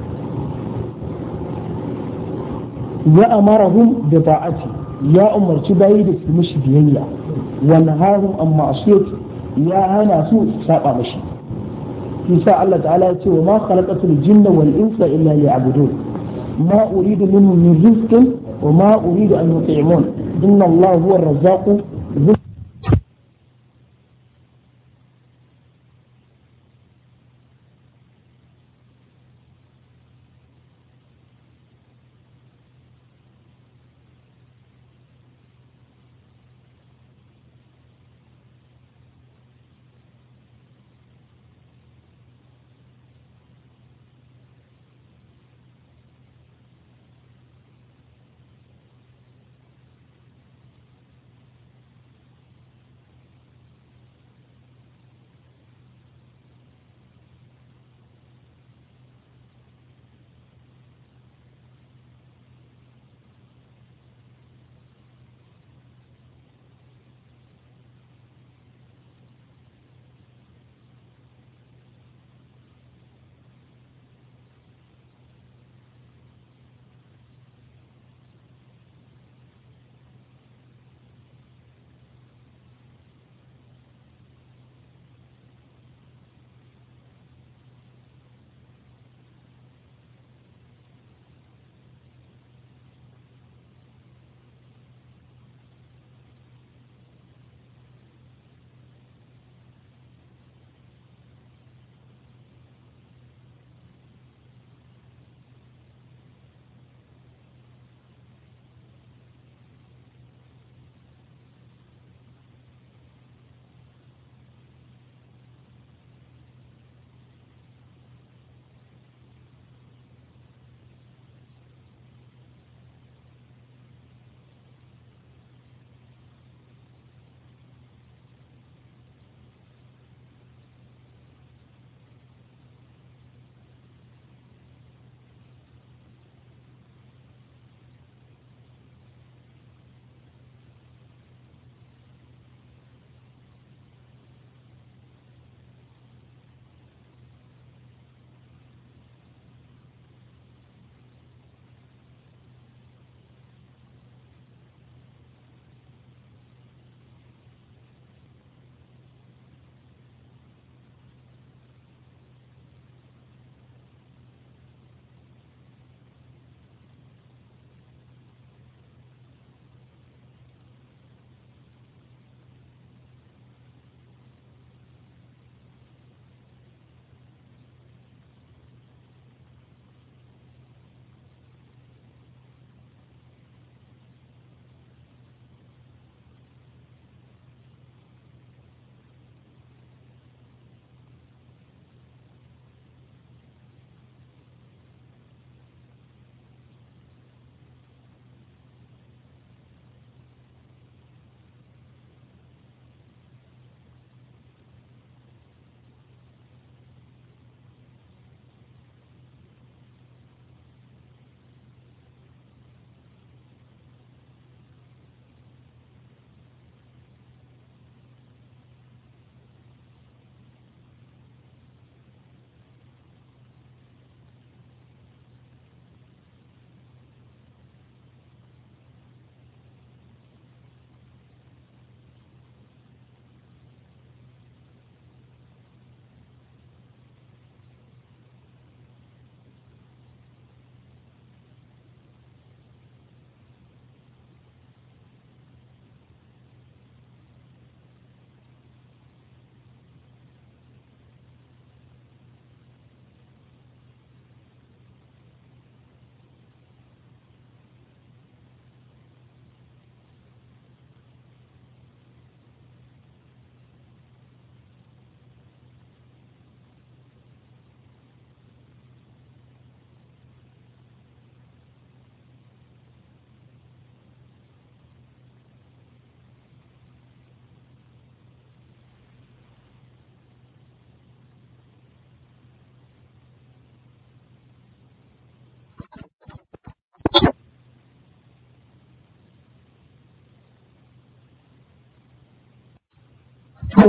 وأمرهم بطاعته يا أمر تبايد في مشي بيئة ونهاهم عن معصيته يا أنا سوء ساقا مشي يسا الله تعالى وما خلقت الجن والإنس إلا ليعبدون ما أريد منهم من رزق وما أريد أن يطعمون إن الله هو الرزاق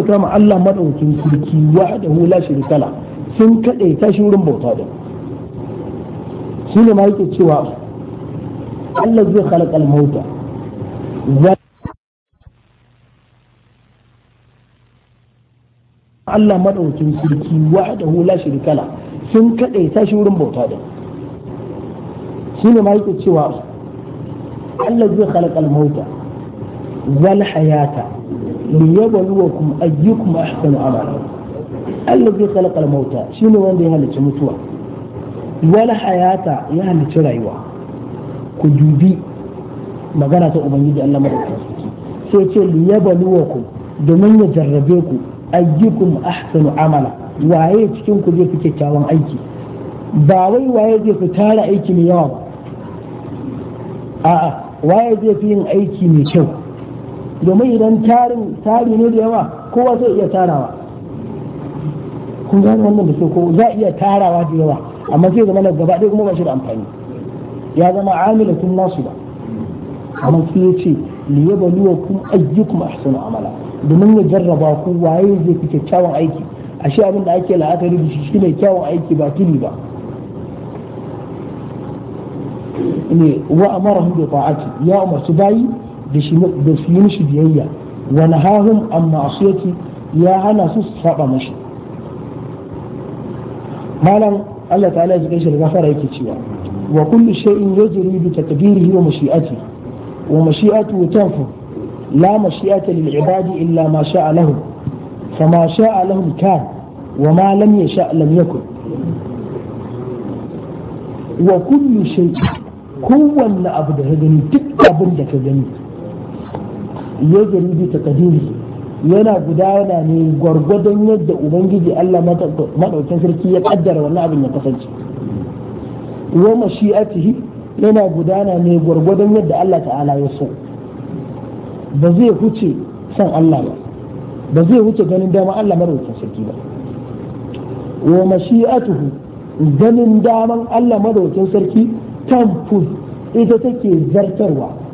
bauta ma Allah madaukakin sarki wahdahu la sharika la sun kade ta shi wurin bauta da shi ne ma yake cewa Allah zai khalaqal mauta Allah madaukakin sarki wahdahu la sharika la sun kade ta shi wurin bauta da shi ne ma yake cewa Allah zai khalaqal mauta wal hayata liyabluwakum ayyukum ahsanu amala allazi khalaqal mauta shine wanda ya halicci mutuwa wala hayata ya halicci rayuwa ku dubi magana ta ubangiji Allah madaukakin sai ce liyabluwakum domin ya jarrabe ku ayyukum ahsanu amala waye cikin ku zai fi kyakkyawan aiki ba wai waye zai fi tara aiki ne yawa a'a waye zai fi yin aiki mai kyau domin idan tarin tari ne da yawa kowa zai iya tarawa kun gane wannan da ko za iya tarawa da yawa amma sai zama na gaba ɗaya kuma ba shi da amfani ya zama amilatun nasu ba amma sai ya ce kuma a ahsanu amala domin ya jarraba ku waye zai fi kyakkyawan aiki ashe abin da ake la'akari da shi ne kyawun aiki ba tuni ba ne wa amarahum bi ta'ati ya umarci bayi da su yi mishi biyayya wa nahahum an ma'asiyati ya hana su su saba mashi malam Allah ta'ala ya zika shi da gafara yake cewa wa kullu shay'in yajri bi taqdirihi wa mashi'atihi wa mashi'atuhu tanfu la mashi'ata lil ibadi illa ma sha'a lahum فما شاء لهم كان وما لم يشاء لم يكن وكل شيء كون أبدا هدني تك أبدا كذني gari bi kadiri yana gudana ne gwargwadon yadda ubangiji Allah madaukin sarki ya kaddara wannan abin ya kasance wa mashi'atihi yana gudana ne gwargwadon yadda Allah ta'ala ya so ba zai huce san Allah ba ba zai huce ganin dama Allah madaukin sarki ba wa mashi'atuhu ganin daman Allah madaukin sarki tanfuz ita take zartarwa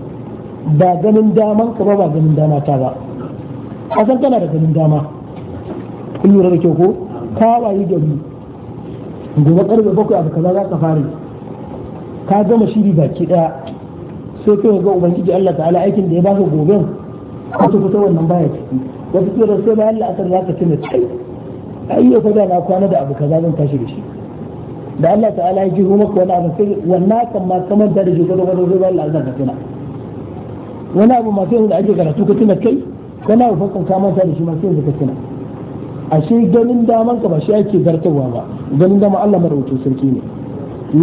ba ganin daman ka ba ba ganin dama ta ba kasan kana da ganin dama kun lura da kyau ko ka wayi gari gobe karfe bakwai abu kaza za ka fara ka gama shiri baki daya sai kai ga ubangiji Allah ta'ala aikin da ya baka goben ka ta fita wannan baya ciki wasu kira sai bayan la'asar za ka tuna kai ai yau da na kwana da abu kaza zan tashi da shi da Allah ta'ala ya ji maka wani abu sai wannan kan ma kamar da ji gado gado zai bayan la'asar ka tuna wani abu masu yanzu da ake karatu ka tuna kai wani abu fakan ka manta da shi masu yanzu ka tuna ashe ganin daman ka ba shi ake zartarwa ba ganin dama Allah maraucin sarki ne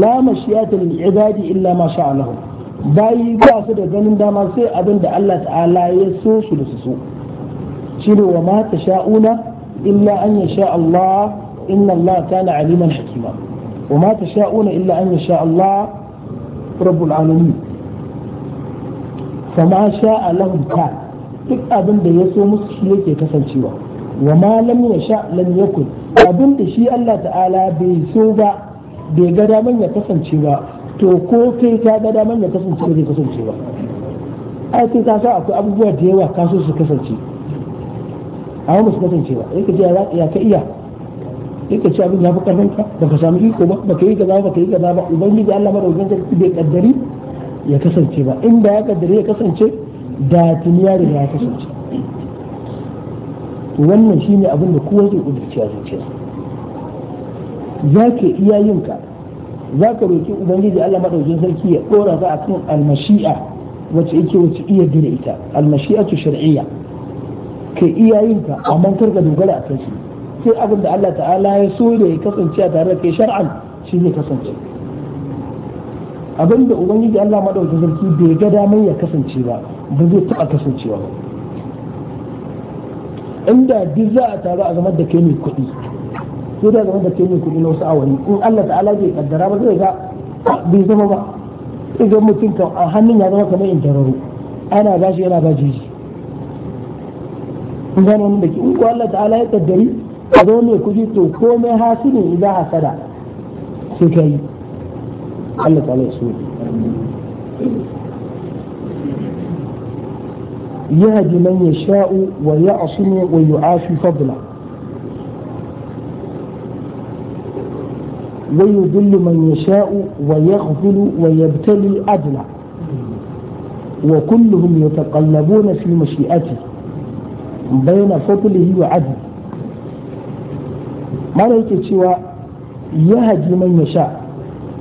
la mashiyata lil ibadi illa ma sha Allah bayi ba su da ganin dama sai abin da Allah ta'ala ya so su da su so shine wa ma tasha'una illa an yasha Allah inna Allah kana aliman hakima wa ma tasha'una illa an yasha Allah rabbul alamin kama sha Allahum ka duk abin da ya so musu shi yake kasancewa wa ma lam yasha lam yakun abin da shi Allah ta'ala bai so ba bai ga daman ya kasance ba to ko kai ka ga daman ya kasance ba zai kasance ba ai kai ka sa akwai abubuwa da yawa ka so su kasance amma ba su kasance ba yake ce ya ka iya yake ce abin ya fi da ka baka samu iko ba baka yi gaza baka yi gaza ba ubangiji Allah madaukakin sarki bai kaddari ya kasance ba inda ya kaddare ya kasance da tuniyar ya kasance wannan shine abin da kowa zai kudurci a zuciya za ka iya yin ka za ka roki ubangiji Allah madaukakin sarki ya dora ka akan almashi'a wacce yake wacce iya gina ita almashi'atu shar'iyya ka iya yin ka amma kar ka dogara akan shi sai abin da Allah ta'ala ya so da ya kasance a tare da kai shar'an shi zai kasance abin da ubangiji Allah madaukakin sarki bai ga damar ya kasance ba ba zai taɓa kasancewa ba inda duk za a taru a zama da kai mai kuɗi ko da zama da kai mai kuɗi na wasu awanni in Allah ta'ala bai kaddara ba zai ga bai zama ba sai ga mutum kan a hannun ya zama kamar intararo ana shi yana ba jiji in gano wani da ke in ko Allah ta'ala ya kaddari a zama mai kuɗi to komai hasinin idan hasada sai ka yi علق عليه السنة يهدي من يشاء ويعصم ويعافي فضله ويذل من يشاء ويغفل ويبتلي أدنى وكلهم يتقلبون في مشيئته بين فضله وعدله ما يكي سوى يهدي من يشاء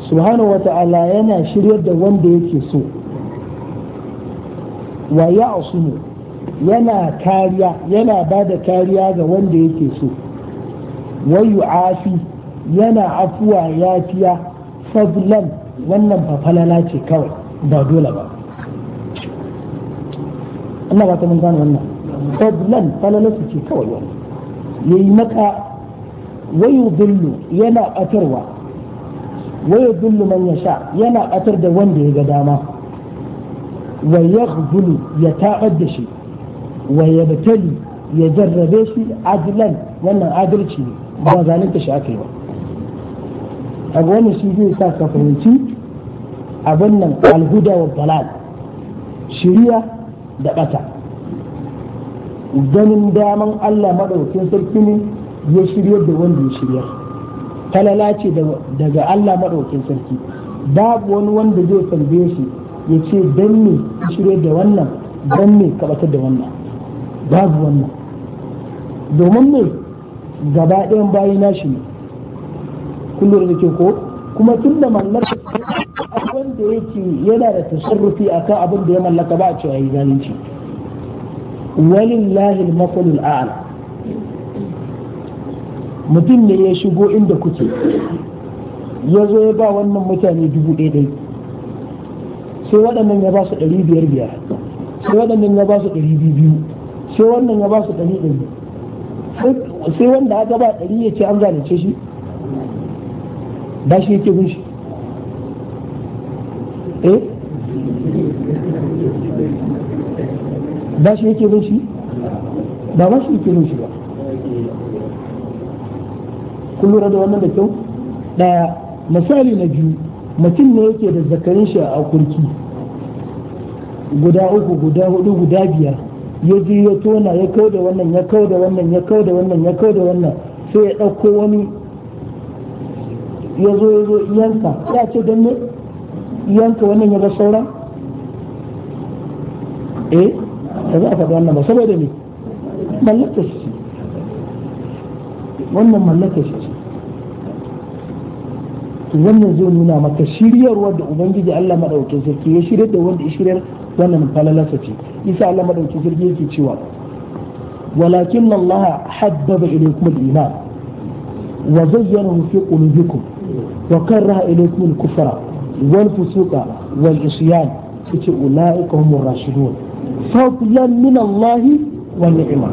subhanahu ta'ala yana shiryar da wanda yake so wa ya asumu yana kariya yana ba da kariya ga wanda yake so wa yu'afi yana afuwa yafiya fadlan wannan fa falala ce kawai ba dole ba Allah ba ta mun gane wannan fadlan falala ce kawai wannan yayi maka wayu dillu yana atarwa wa dullu man yasha yana ɓatar da wanda ya ga dama wa gudu ya taɓar da shi wa yabtali ya jarrabe shi adlan wannan adalci ne ba zalunta shi aka yi ba abu wannan shi zai sa ka fahimci abin nan alhuda wa dalal shiriya da bata ganin daman Allah madaukakin sarki ne ya shiryar da wanda ya shiryar falala ce daga Allah maɗaukin sarki babu wani wanda zai tambaye shi ya ce dan me shirye da wannan don me kabatar da wannan babu wannan domin ne gaba ɗayan bayi nashi ne kullum da ke ko kuma tun da mallaka wanda yake yana da tasarrufi kan abin da ya mallaka ba a cewa yi zalunci walillahi al-mafalul a'la mutum ne ya shigo inda kuke ya zo ya ba wannan mutane dubu ɗaya sai waɗannan ya ba su ɗari biyar biyar sai waɗannan ya ba su ɗari biyu biyu sai wannan ya ba su ɗari ɗari sai wanda aka ba ɗari ya ce an zalunce shi ba shi yake bin shi eh ba shi yake bin shi ba ba shi yake bin shi ba kun lura da wannan da kyau daya misali na biyu mutum ne yake da zakarin shi a kurki guda uku guda hudu guda biyar ya je ya tona ya kau da wannan ya kau da wannan ya kau da wannan ya kau da wannan sai ya ɗauko wani ya zo ya zo yanka ya ce don ne yanka wannan ya ga sauran eh ta za a faɗi wannan ba saboda ne mallakar shi wannan mallakar shi to wannan zai nuna maka shiryarwar da ubangiji Allah madaukakin sarki ya shiryar da wanda ya shiryar wannan falalarsa ce isa Allah madaukakin sarki yake cewa walakin Allah habbaba ilaykum al-iman wa zayyanahu fi qulubikum wa karaha ilaykum al-kufra wal fusuqa wal isyan yace ulaika humur rashidun fadlan min Allah wa ni'ma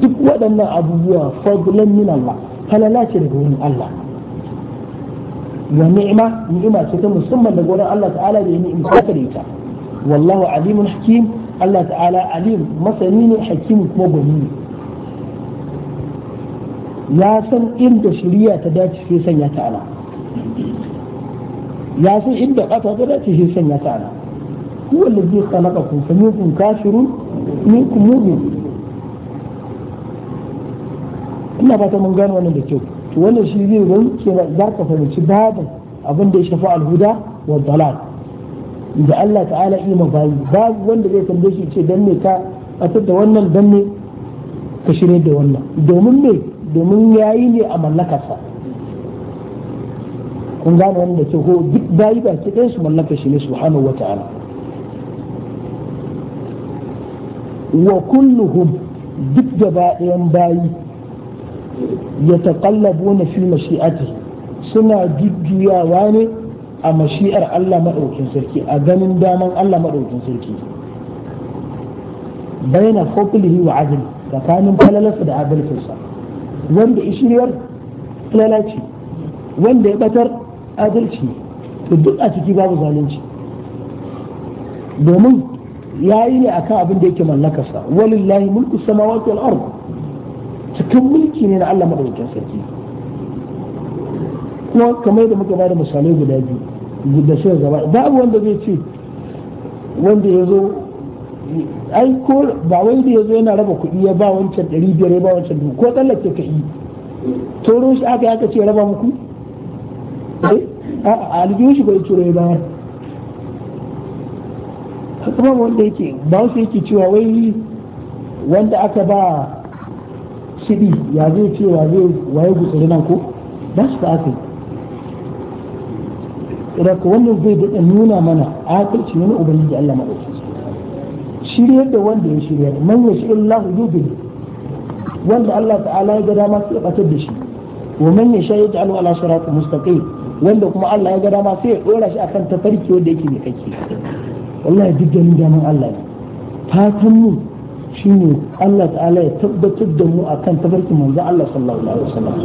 duk waɗannan abubuwa fadlan min Allah falala ce daga wurin Allah wa ni'ima ni'ima ce ta musamman daga wurin Allah ta'ala da ya ni'imta ka da ita wallahu alimun hakim Allah ta'ala alim masani ne hakim kuma gwani ne ya san inda shari'a ta dace sai sanya ala ya san inda ƙasa ta dace sai sanya ta'ala هو الذي خلقكم فمنكم كافر منكم مؤمن ina ba ta mun gano wannan da kyau wannan shi zai zan kenan za ka fahimci babin abin da ya shafi alhuda wa dalal da Allah ta'ala ima bayi babu wanda zai tambaye shi ce dan ne ka atar da wannan dan ne ka shirye da wannan domin me domin yayi ne a mallakarsa kun gane wanda ke ko duk bayi ba ke ɗayan su mallaka shi ne subhanahu wa ta'ala wa kulluhum duk gaba ɗayan bayi yataqallabuna fi mashi'atihi suna jujjuyawa ne a mashi'ar Allah maɗaukin sarki a ganin daman Allah maɗaukin sarki baina fadlihi wa adli tsakanin falalarsa da adalcinsa wanda ishiriyar falala ce wanda ya batar adalci to duk a ciki babu zalunci domin ya yi ne akan abin da yake mallakarsa walillahi mulku samawati wal ardh cikin mulki ne na Allah madaukakin sarki kuma kamar da muka bada misalai guda biyu da shi gaba babu wanda zai ce wanda ya zo ai ko ba wai da ya zo yana raba kuɗi ya ba wancan ɗari biyar ya ba wancan dubu ko tsallake ka yi toro shi aka aka ce raba muku eh, a aljiyo shi bai turo ya bayar ba wanda yake ba wasu yake cewa wai wanda aka ba Shidi, ya zai ce wa zai waye gusuri nan ko ba shi ta aka yi daga wannan zai daɗa nuna mana akirci wani ubangiji Allah maɗauki shiryar da wanda ya shirya man ya shirin lahu biyu wanda Allah ta'ala ya ga dama sai ya ɓatar da shi wa man ya sha ya ja'alu ala siratu mustaqim wanda kuma Allah ya ga dama sai ya ɗora shi akan tafarki wanda yake mai kake wallahi duk ganin daman Allah ne fatan mu shine Allah ta'ala ya tabbatar da mu akan tafarkin manzo Allah sallallahu alaihi wasallam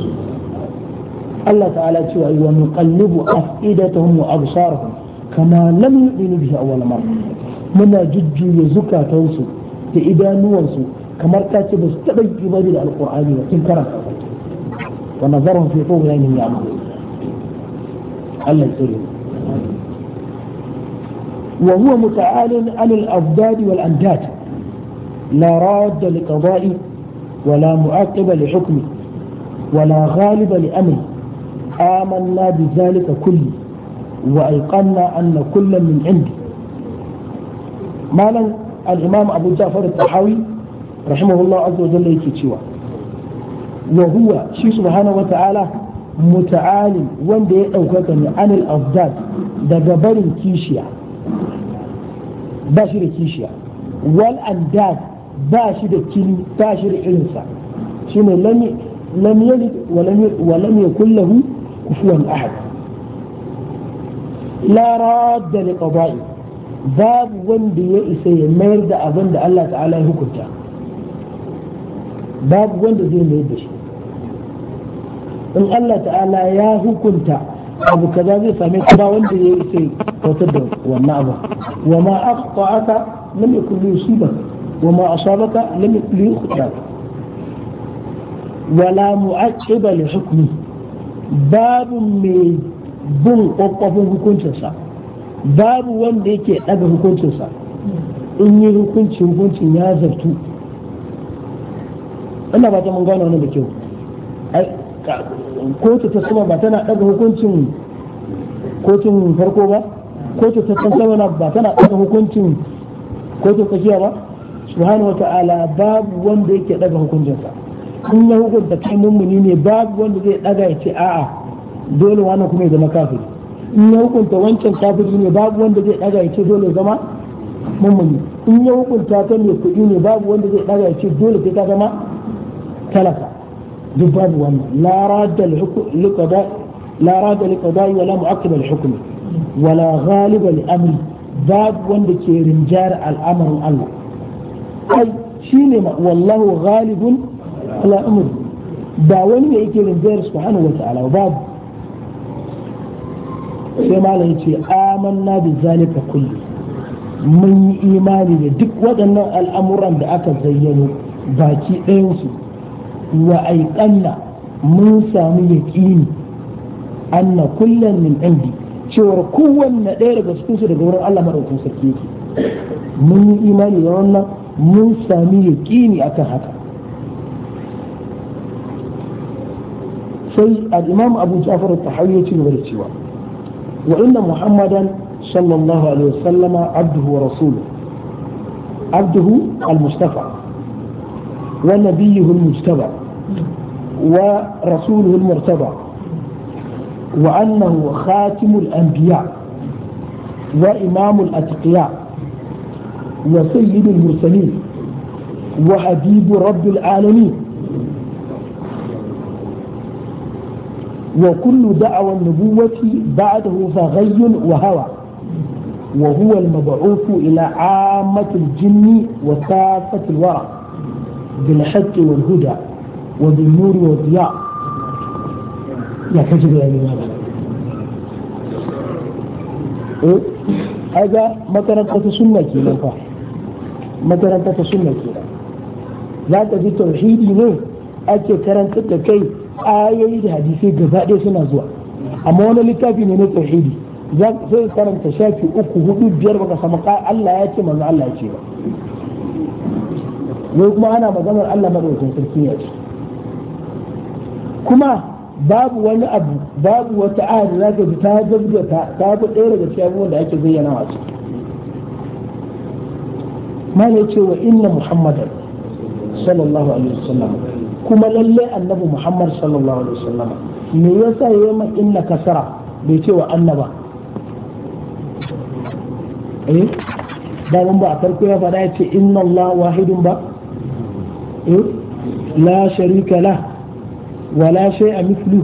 Allah ta'ala cewa wa nuqallibu afidatuhum wa absarahum kama lam yu'minu bihi awwal marra muna ya zukatansu da idanuwansu kamar ta ce ba su taɓa yi ba da alqur'ani ba kin karan wa nazarun fi qawlihim ya'malun Allah ya tsare وهو متعال عن الأضداد والأنداد لا راد لقضائي ولا معقب لحكمي ولا غالب لأمري آمنا بذلك كله وأيقنا أن كل من عندي مالا الإمام أبو جعفر الطحاوي رحمه الله عز وجل يكتشوى وهو شي سبحانه وتعالى متعال وان ده عن الأفداد ده جبر الكيشيا بشر الكيشيا والأنداد ba shi da kili ba shi da irinsa shine lam yalid wa lam yakul kufuwan ahad la radda li qada'i babu wanda ya isa ya mayar da abin da Allah ta'ala ya hukunta babu wanda zai mayar da shi in Allah ta'ala ya hukunta abu kaza zai same ka ba wanda ya isa ya kautar da wannan abu wa ma aqta'aka lam yakun yusibaka وما أصابك لم يخطئك ولا معقب لحكمه باب من بن قفقفن hukuncinsa babu wanda yake daga hukuncinsa in yi hukuncin ya zartu ina ba ta mun gano wani da kyau kotu ta sama ba tana daga hukuncin farko ba kotu ta sama ba tana daga hukuncin kotun tsakiya ba subhanahu wa ta'ala babu wanda yake daga hukuncinsa in ya hukunta kai mummuni ne babu wanda zai daga ya ce a'a dole wannan kuma ya zama kafiri in ya hukunta wancan kafiri ne babu wanda zai daga ya ce dole zama mummuni in ya hukunta ta mai kuɗi ne babu wanda zai daga ya ce dole sai ka zama talaka duk babu wannan la radda liqada la radda liqada wala mu'aqqiba al wala ghaliba li amri babu wanda ke rinjar al'amarin Allah ai shine wallahu ghalibun ala umur ba wani ne yake rinjayar subhanahu wata'ala babu sai malam yace amanna bi zalika kulli mun yi imani da duk waɗannan al'amuran da aka zayyano baki ɗayansu wa aiƙanna mun samu yaƙini anna kullum min indi cewar kowanne ɗaya daga cikinsu daga wurin Allah maɗaukin sarki yake mun yi imani da wannan mun sami yaƙini akan haka sai al-imam abu ja'far at-tahawi yace ci da cewa wa inna muhammadan sallallahu alaihi wasallama abduhu wa rasuluhu abduhu al-mustafa wa nabiyuhu al mustafa wa rasuluhu al-murtaba wa annahu khatimul anbiya wa imamul atqiya وسيد المرسلين وحبيب رب العالمين وكل دعوى النبوة بعده فغي وهوى وهو المبعوث إلى عامة الجن وكافة الورى بالحق والهدى وبالنور والضياء يا كجب يا إمام إيه؟ هذا مثلا قد سنة كي makaranta ta sunna kenan za ka ji tauhidi ne ake karanta da kai ayoyi da hadisai gaba ɗaya suna zuwa amma wani littafi ne na tauhidi za sai karanta shafi uku hudu biyar baka samu Allah ya ce manzo Allah ya ce ba wai kuma ana maganar Allah madaukakin sarki kuma babu wani abu babu wata ayar da za ka ji ta zabga ta ta bi ɗaya daga cikin abubuwan da ake zayyana wasu ما يتي ce wa inna الله sallallahu alaihi wasallam kuma lalle annabi muhammad sallallahu alaihi wasallam me yasa ya ma inna kasara bai ce wa annaba eh mun ba a farko ya faɗa ya ce inna Allah wahidun ba eh la sharika la wa la shay'a mithlu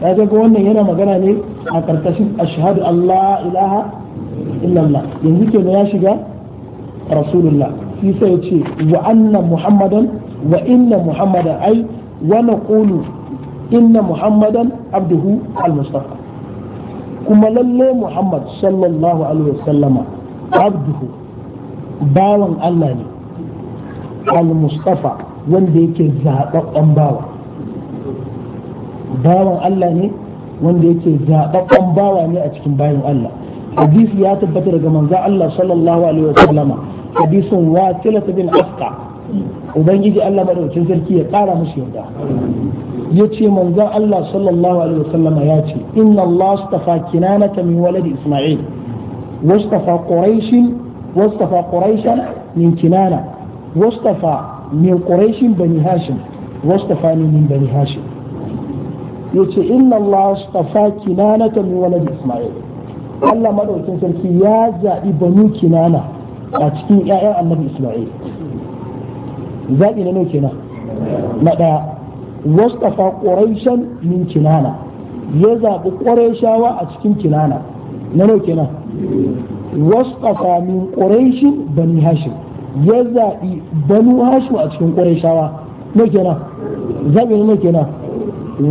ta ga wannan yana magana ne a karkashin ashhadu Allah ilaha illallah yanzu ke ya shiga rasulullah isa ya ce wa anna muhammadan wa inna muhammadan ai wa naqulu inna muhammadan abduhu al-mustafa kuma lalle muhammad sallallahu alaihi wasallama abduhu bawan Allah ne al-mustafa wanda yake zaɓaɓɓen bawa bawan Allah ne wanda yake zaɓaɓɓen bawa ne a cikin bayan Allah hadisi ya tabbata daga manzo Allah sallallahu alaihi wasallama hadisin wa tilata bin aska ubangiji Allah sarki ya kara musu yarda yace manzon Allah sallallahu alaihi wasallam ya ce inna Allah astafa kinanaka min waladi isma'il واصطفى قريش واصطفى قريشا من كنانة واصطفى من قريش بني هاشم واصطفى bani بني هاشم يقول إن الله اصطفى kinanaka min ولد Isma'il. Allah madaukin sarki ya zaɓi banu kinana a cikin ƴaƴan annabi Isma'il zabi na nawa kenan na ɗaya, wastafa quraishan min kinana ya zabi qurayshawa a cikin kinana na nawa kenan wastafa min quraishin bani hashim ya zabi bani hashim a cikin qurayshawa na kenan zabi na kenan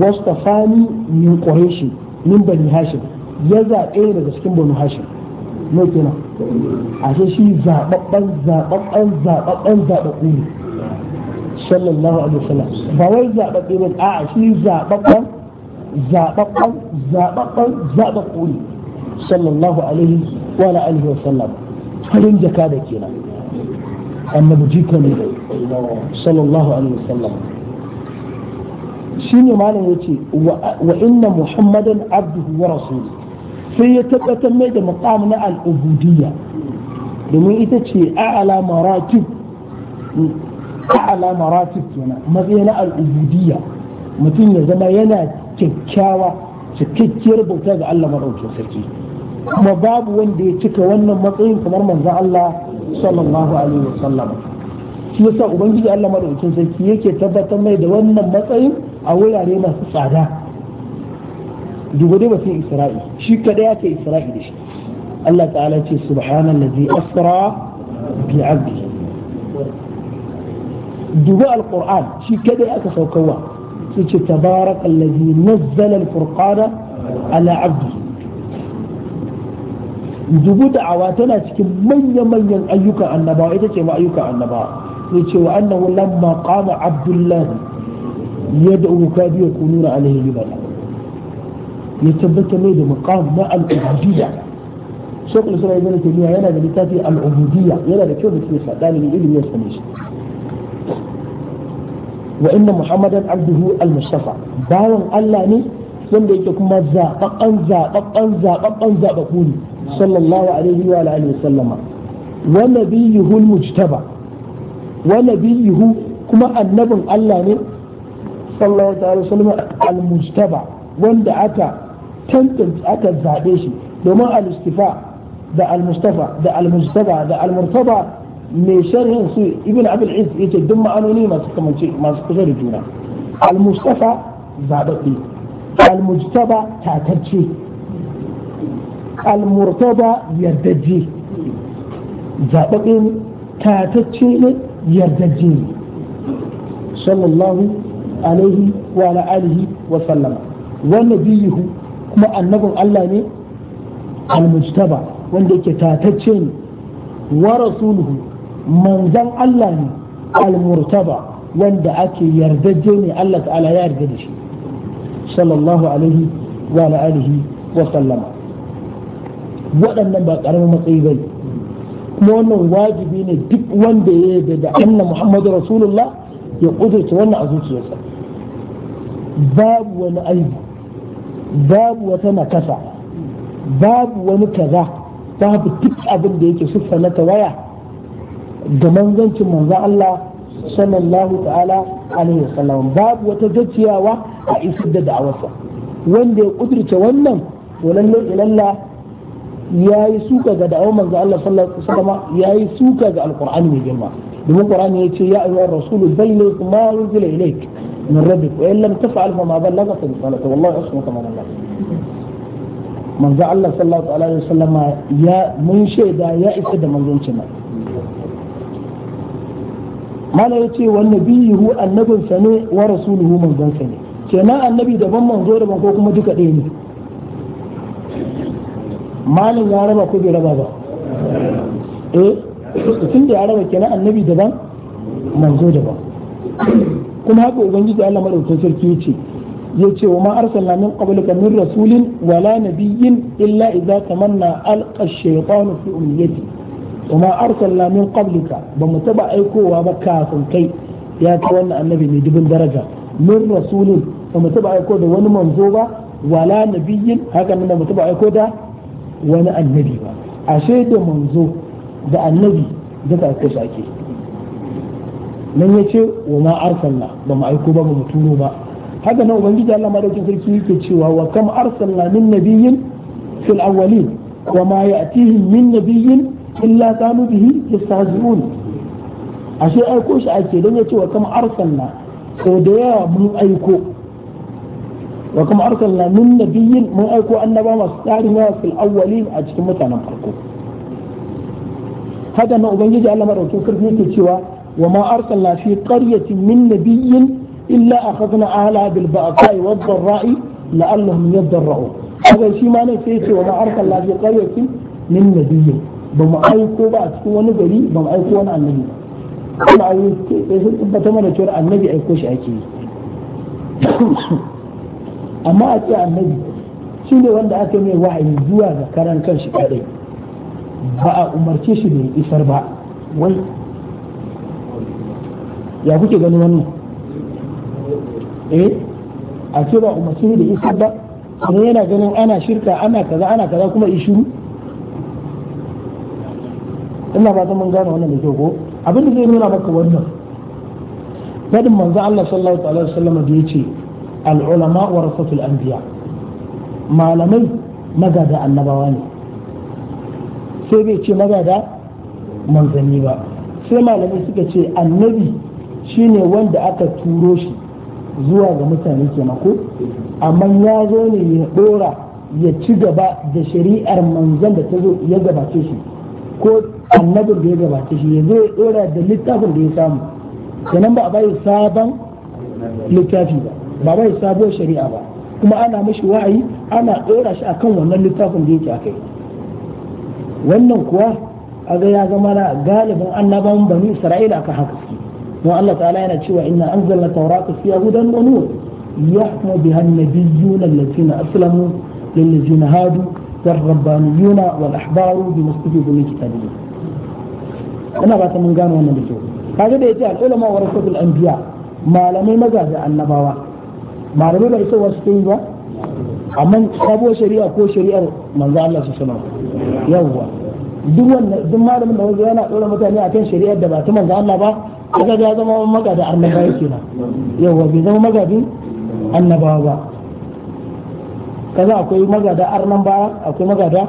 wastafa min quraishi min bani hashim ya zabe daga cikin bani hashim ne kenan ashe shi zababban zababban zababban zababbu ne sallallahu alaihi wasallam ba wai zababbe ba a shi zababban zababban zababban zababbu ne sallallahu alaihi wa alihi wasallam farin jaka da kenan annabi jika ne sallallahu alaihi wasallam shine malam yace wa inna muhammadan abduhu wa rasuluhu sai ya tabbatar mai da maqam na al domin ita ce a'ala maratib a'ala maratib kenan matsayi na al mutum ya zama yana kyakkyawa cikakkiyar bauta ga Allah sarki kuma babu wanda ya cika wannan matsayin kamar manzon Allah sallallahu alaihi wasallam shi yasa ubangiji Allah madaukakin sarki yake tabbatar mai da wannan matsayin a wurare masu tsada duba dai batun isra'i shi kada ya ce isra'i da shi Allah ta'ala ce subhanallazi asra bi 'abdihi duba alquran shi kada ya ka saukarwa sai ce tabarakallazi nazzala alfurqana ala 'abdihi dubu da'awa tana cikin manya-manyan ayyukan annabawa ita ce ma ayyukan annabawa ne ce wa annahu lamma qama abdullahi yad'u ka biya kununa alaihi libana ya tabbata mai da muqam na al-ubudiyya shekul isra ibn taymiya yana da littafi al-ubudiyya yana da kyau da ke sa dalibin ilimi ya same shi wa inna muhammadan abduhu al-mustafa bawan Allah ne wanda yake kuma zababban zababban zababban zababbu ne sallallahu alaihi wa alihi wa sallama wa nabiyuhu al-mujtaba wa nabiyuhu kuma annabin Allah ne sallallahu alaihi wa sallam al-mujtaba wanda aka tantance aka zaɓe shi domin al-istifa da al-mustafa da al-mustafa da al-murtaba mai sharhin su ibn abul is yace duk ma'anoni masu kamance masu kusa da juna al-mustafa zaɓaɓɓe al-mujtaba tatacce al-murtaba yardajje zaɓaɓɓe ne tatacce ne yardajje ne sallallahu alaihi wa alihi wa sallama Wannan nabiyuhu kuma annabin Allah ne almujtaba wanda yake tatacce ne wa rasuluhu manzan Allah ne almurtaba wanda ake yardaje ne Allah ta'ala ya yarda da shi sallallahu alaihi wa alihi wa sallama waɗannan ba ƙaramin matsayi bane kuma wannan wajibi ne duk wanda ya yarda da annabi Muhammadu Rasulullah ya kudurta wannan a zuciyarsa babu wani aibu babu wata nakasa babu wani kaza babu duk abin da yake siffa na tawaya da manzancin manzan Allah sallallahu ta'ala alaihi wasallam babu wata gajiyawa a isar da da'awarsa wanda ya kudirce wannan to lalle ya yi suka ga da'awar manzan Allah sallallahu alaihi wasallam yayi suka ga alqur'ani mai girma domin qur'ani ce ya ayyuhar rasulu balligh ma unzila ilayk من ربك وإن لم تفعل فما بلغت رسالته والله يعصمك من الله من ذا الله صلى الله عليه وسلم يا من شهد يا إسد من ذنشنا ما لا يتي والنبي هو النبي سنة ورسوله من ذنشنا كنا النبي دبن من ذور من كوكما دك ديني ما لا يعرف كوبي ربابا إيه tun da ya raba kenan annabi daban manzo daban kuma haka ubangiji Allah madaukakin sarki yace yace wa ma arsalna min qablika min rasulin wala nabiyyin illa idza tamanna alqa ash-shaytanu fi umniyati wa ma arsalna min qablika ba mu taba aikowa ba kafin kai ya ta wannan annabi mai dubin daraja min rasulin ba mu taba aiko da wani manzo ba wala nabiyyin haka nan ba mu taba aiko da wani annabi ba ashe da manzo da annabi da ka aiko shi nan ya ce wa ma arsalna ba mu aiko ba ba mu turo ba haka nan ubangiji Allah madaukakin sarki yake cewa wa kam arsalna min nabiyyin fil awwalin wa ma ya'tihim min nabiyyin illa kanu bihi yastahzi'un ashe aiko shi ake dan ya ce wa kam arsalna sau da yawa mun aiko wa kam arsalna min nabiyyin mun aiko annaba masu tsarin yawa fil awwalin a cikin mutanen farko haka nan ubangiji Allah madaukakin sarki yake cewa وما أرسلنا في قرية من نبي إلا أخذنا أهلها بالبأساء والضراء لعلهم يضرعون هذا شيء ما نسيتي وما أرسلنا في قرية من نبي بما أيكو بأسكو ونبري بما أيكو ونعلمي أنا أقول بتمنى ترى النبي أيكوش أكيد amma a ce annabi shi ne wanda aka mai wa'ayi zuwa ga karan kanshi kadai ba a umarce shi da isar ba wai ya kuke ganin wannan eh a ce ba umarci da isa ba sannan yana ganin ana shirka ana kaza ana kaza kuma ishuru ina ba mun gane wannan da kyau ko abin da zai nuna maka wannan fadin manzo Allah sallallahu alaihi wasallam da yace al ulama an anbiya malamai magada annabawa ne sai bai ce magada manzanni ba sai malamai suka ce annabi Shi ne wanda aka turo shi zuwa ga mutane ke ko amma ya zo ne ya dora ya ci gaba da shari'ar manzan da ta zo ya gabace shi ko annabin da ya gabace shi ya zo ya dora da littafin da ya samu kenan ba a bayi sabon littafi ba ba bayi sabuwar shari'a ba kuma ana mashi wa'ayi ana dora shi akan wannan littafin da yake kai. wannan kuwa a ya zama na galibin annaban bani isra'ila aka haka suke والله تعالى أنا شو إن أنزل التوراة فيها هدى ونور يحكم بها النبيون الذين أسلموا للذين هادوا كالربانيون والأحبار بمستجيب من كتابه أنا غاتا من قانو أنا بجوه هذا بيجاء العلماء ورسول الأنبياء ما لم يمجاز عن نباوة ما لم يبعث وستيبا أما أبو شريعة كو شريعة من ذا الله سبحانه يوه دوما دوما لما يقول لك انا اقول لك انا اقول لك انا اقول لك انا اقول لك انا اقول انا اقول لك انا اقول لك انا kaga ya zama wani magadin annabawa kenan yawa bai zama magadin annabawa ba kaza akwai magada nan baya akwai magada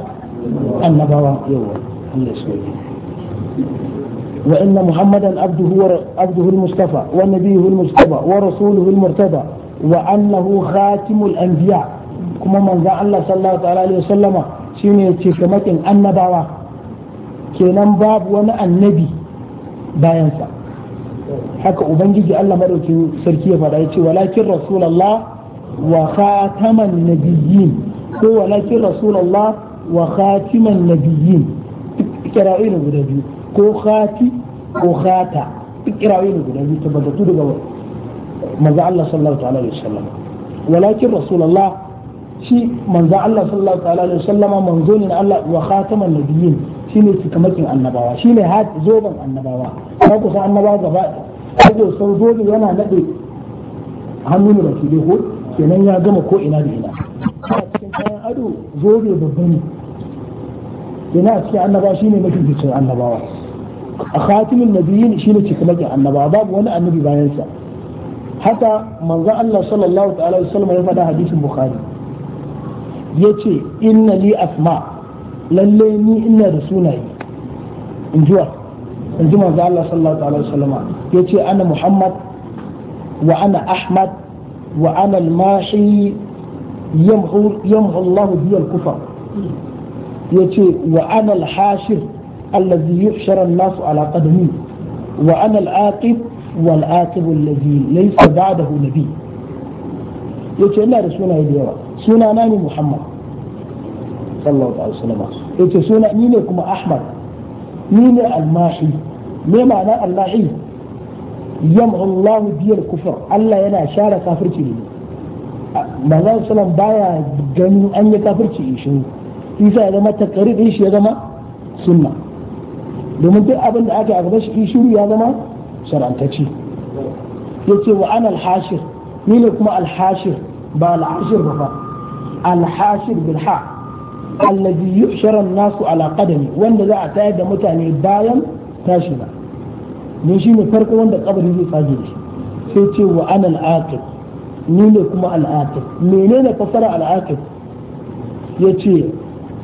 annabawa yawa wa inna muhammadan abduhu mustafa wa nabiyuhu mustafa wa rasuluhu murtada wa annahu khatimul anbiya kuma manzon Allah sallallahu alaihi Sallama shine cikamakin annabawa kenan babu wani annabi bayan sa haka ubangiji Allah madaukin sarki ya faɗa ya ce walakin rasulullah wa khataman nabiyyin ko walakin rasulullah wa khatiman nabiyyin ikra'i ne guda biyu ko khati ko khata ikra'i ne guda biyu tabbatattu daga manzo Allah sallallahu alaihi wasallam walakin rasulullah shi manzo Allah sallallahu alaihi wasallam manzo ne Allah wa khataman nabiyyin Shi ne cikamakin annabawa Shi ne had zoben annabawa ka kusa annabawa gaba kaje sau zobe yana naɗe. nade hannun rasulai ko kenan ya gama ko ina da ina a cikin kayan ado zobe babba ne kenan a cikin annabawa shi ne mafi cikin annabawa a khatimin shi ne cikamakin annabawa babu wani annabi bayan sa haka manzon Allah sallallahu ta'ala alaihi wasallam ya faɗa hadisin bukhari yace inna li asma' lalle ni ina da sunaye in ji wa in ji manzo Allah sallallahu alaihi wasallam yace ana Muhammad wa ana Ahmad wa ana al-mahi yamhu yamhu Allah bi al-kufar yace wa ana al-hashir alladhi yuhshara an-nas ala qadami wa ana al-aqib wal-aqib alladhi laysa ba'dahu nabiy yace ina da sunaye da yawa sunana ne Muhammad sallallahu alaihi wasallam yace suna ni ne kuma ahmad ni ne almahi me ma'ana almahi yam'u Allah biyar kufur Allah yana share kafirci ne manzon sallam baya ganin an yi kafirci shi isa ya zama takarir shi ya zama sunna domin duk abin da aka gaba shi shiru ya zama shar'antacci yace wa ana alhashir ni ne kuma alhashir ba alhashir ba alhashir bilha alladhi yuhshara an-nasu ala qadami wanda za a tayar da mutane bayan tashi na ne shi ne farko wanda kabari zai tsage shi sai ce wa ana al ni ne kuma al menene fasara al yace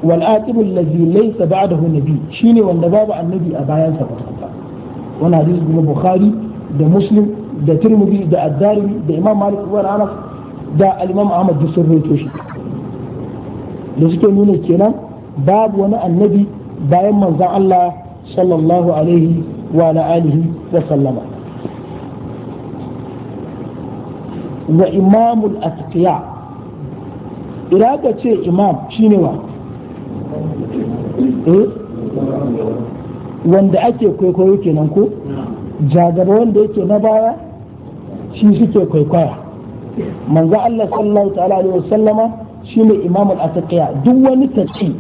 wal aqib alladhi laysa ba'dahu nabi shine wanda babu annabi a bayan sa kwata hadisi kuma bukhari da muslim da tirmidhi da ad-darimi da imam malik wa anas da al-imam ahmad da sun rawaito shi da suke nuna kenan babu wani annabi bayan manzan Allah sallallahu alaihi wa ala wa sallama wa imamul atqiya idan ka ce imam shine wa eh wanda ake kwaikwayo kenan ko jagaba wanda yake na baya shi suke kwaikwaya manzo Allah sallallahu ta'ala alaihi wasallama shi ne imam al-ataqiya duk wani taci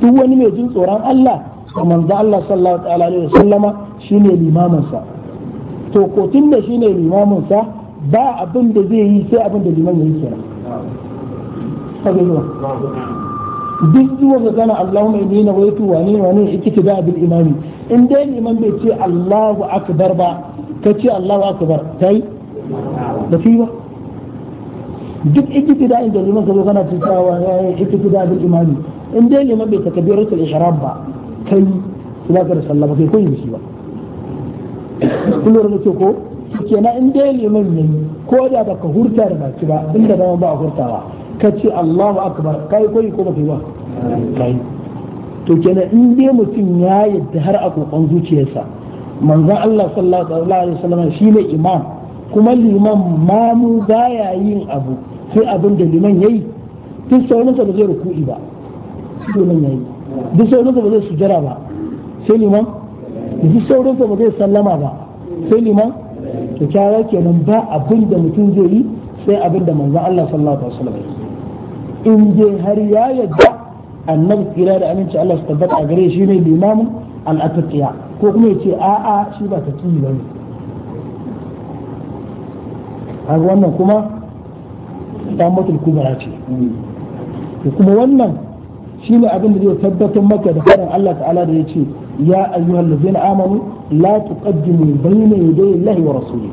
duk wani mai jin tsoron Allah da manzo Allah sallallahu alaihi wasallama shine limamin sa to ko tunda shi ne sa ba abin da zai yi sai abin da liman yake kira kaga zuwa duk zuwa ga kana Allahumma inni nawaitu wa ni wa ni iktida bil imami in dai liman bai ce Allahu akbar ba kace Allahu akbar kai da fi ba duk ikitida in da liman kazo kana tutawa ya eh, yi ikitida bil imani in dai liman bai takabiratul ihram ba kai za ka da ba kai koyi shi ba kullum da ce ko kenan in dai liman ne ko da baka hurta da baki ba inda da ba a hurtawa ka ce Allahu akbar kai koyi ko ba kai ba kai to kenan in dai mutum ya yi da har a kokon zuciyarsa manzan Allah sallallahu alaihi wasallam ne imam kuma liman mamu baya yin abu sai abin da liman yayi duk sauransa ba zai ruku'i ba liman yayi duk sauransa ba zai sujara ba sai liman duk sauransa ba zai sallama ba sai liman to kyawa kenan ba abin da mutum zai yi sai abin da manzon Allah sallallahu alaihi wasallam in je har ya yadda annabi kira da aminci Allah su tabbata gare shi ne limamin al ko kuma ya ce a'a shi ba ta ba ne har wannan kuma tsammatul kubra ce to kuma wannan shine abin da zai tabbatar maka da faɗin Allah ta'ala da yace ya ayyuhal ladzina amanu la tuqaddimu bayna yaday Allahi wa rasulihi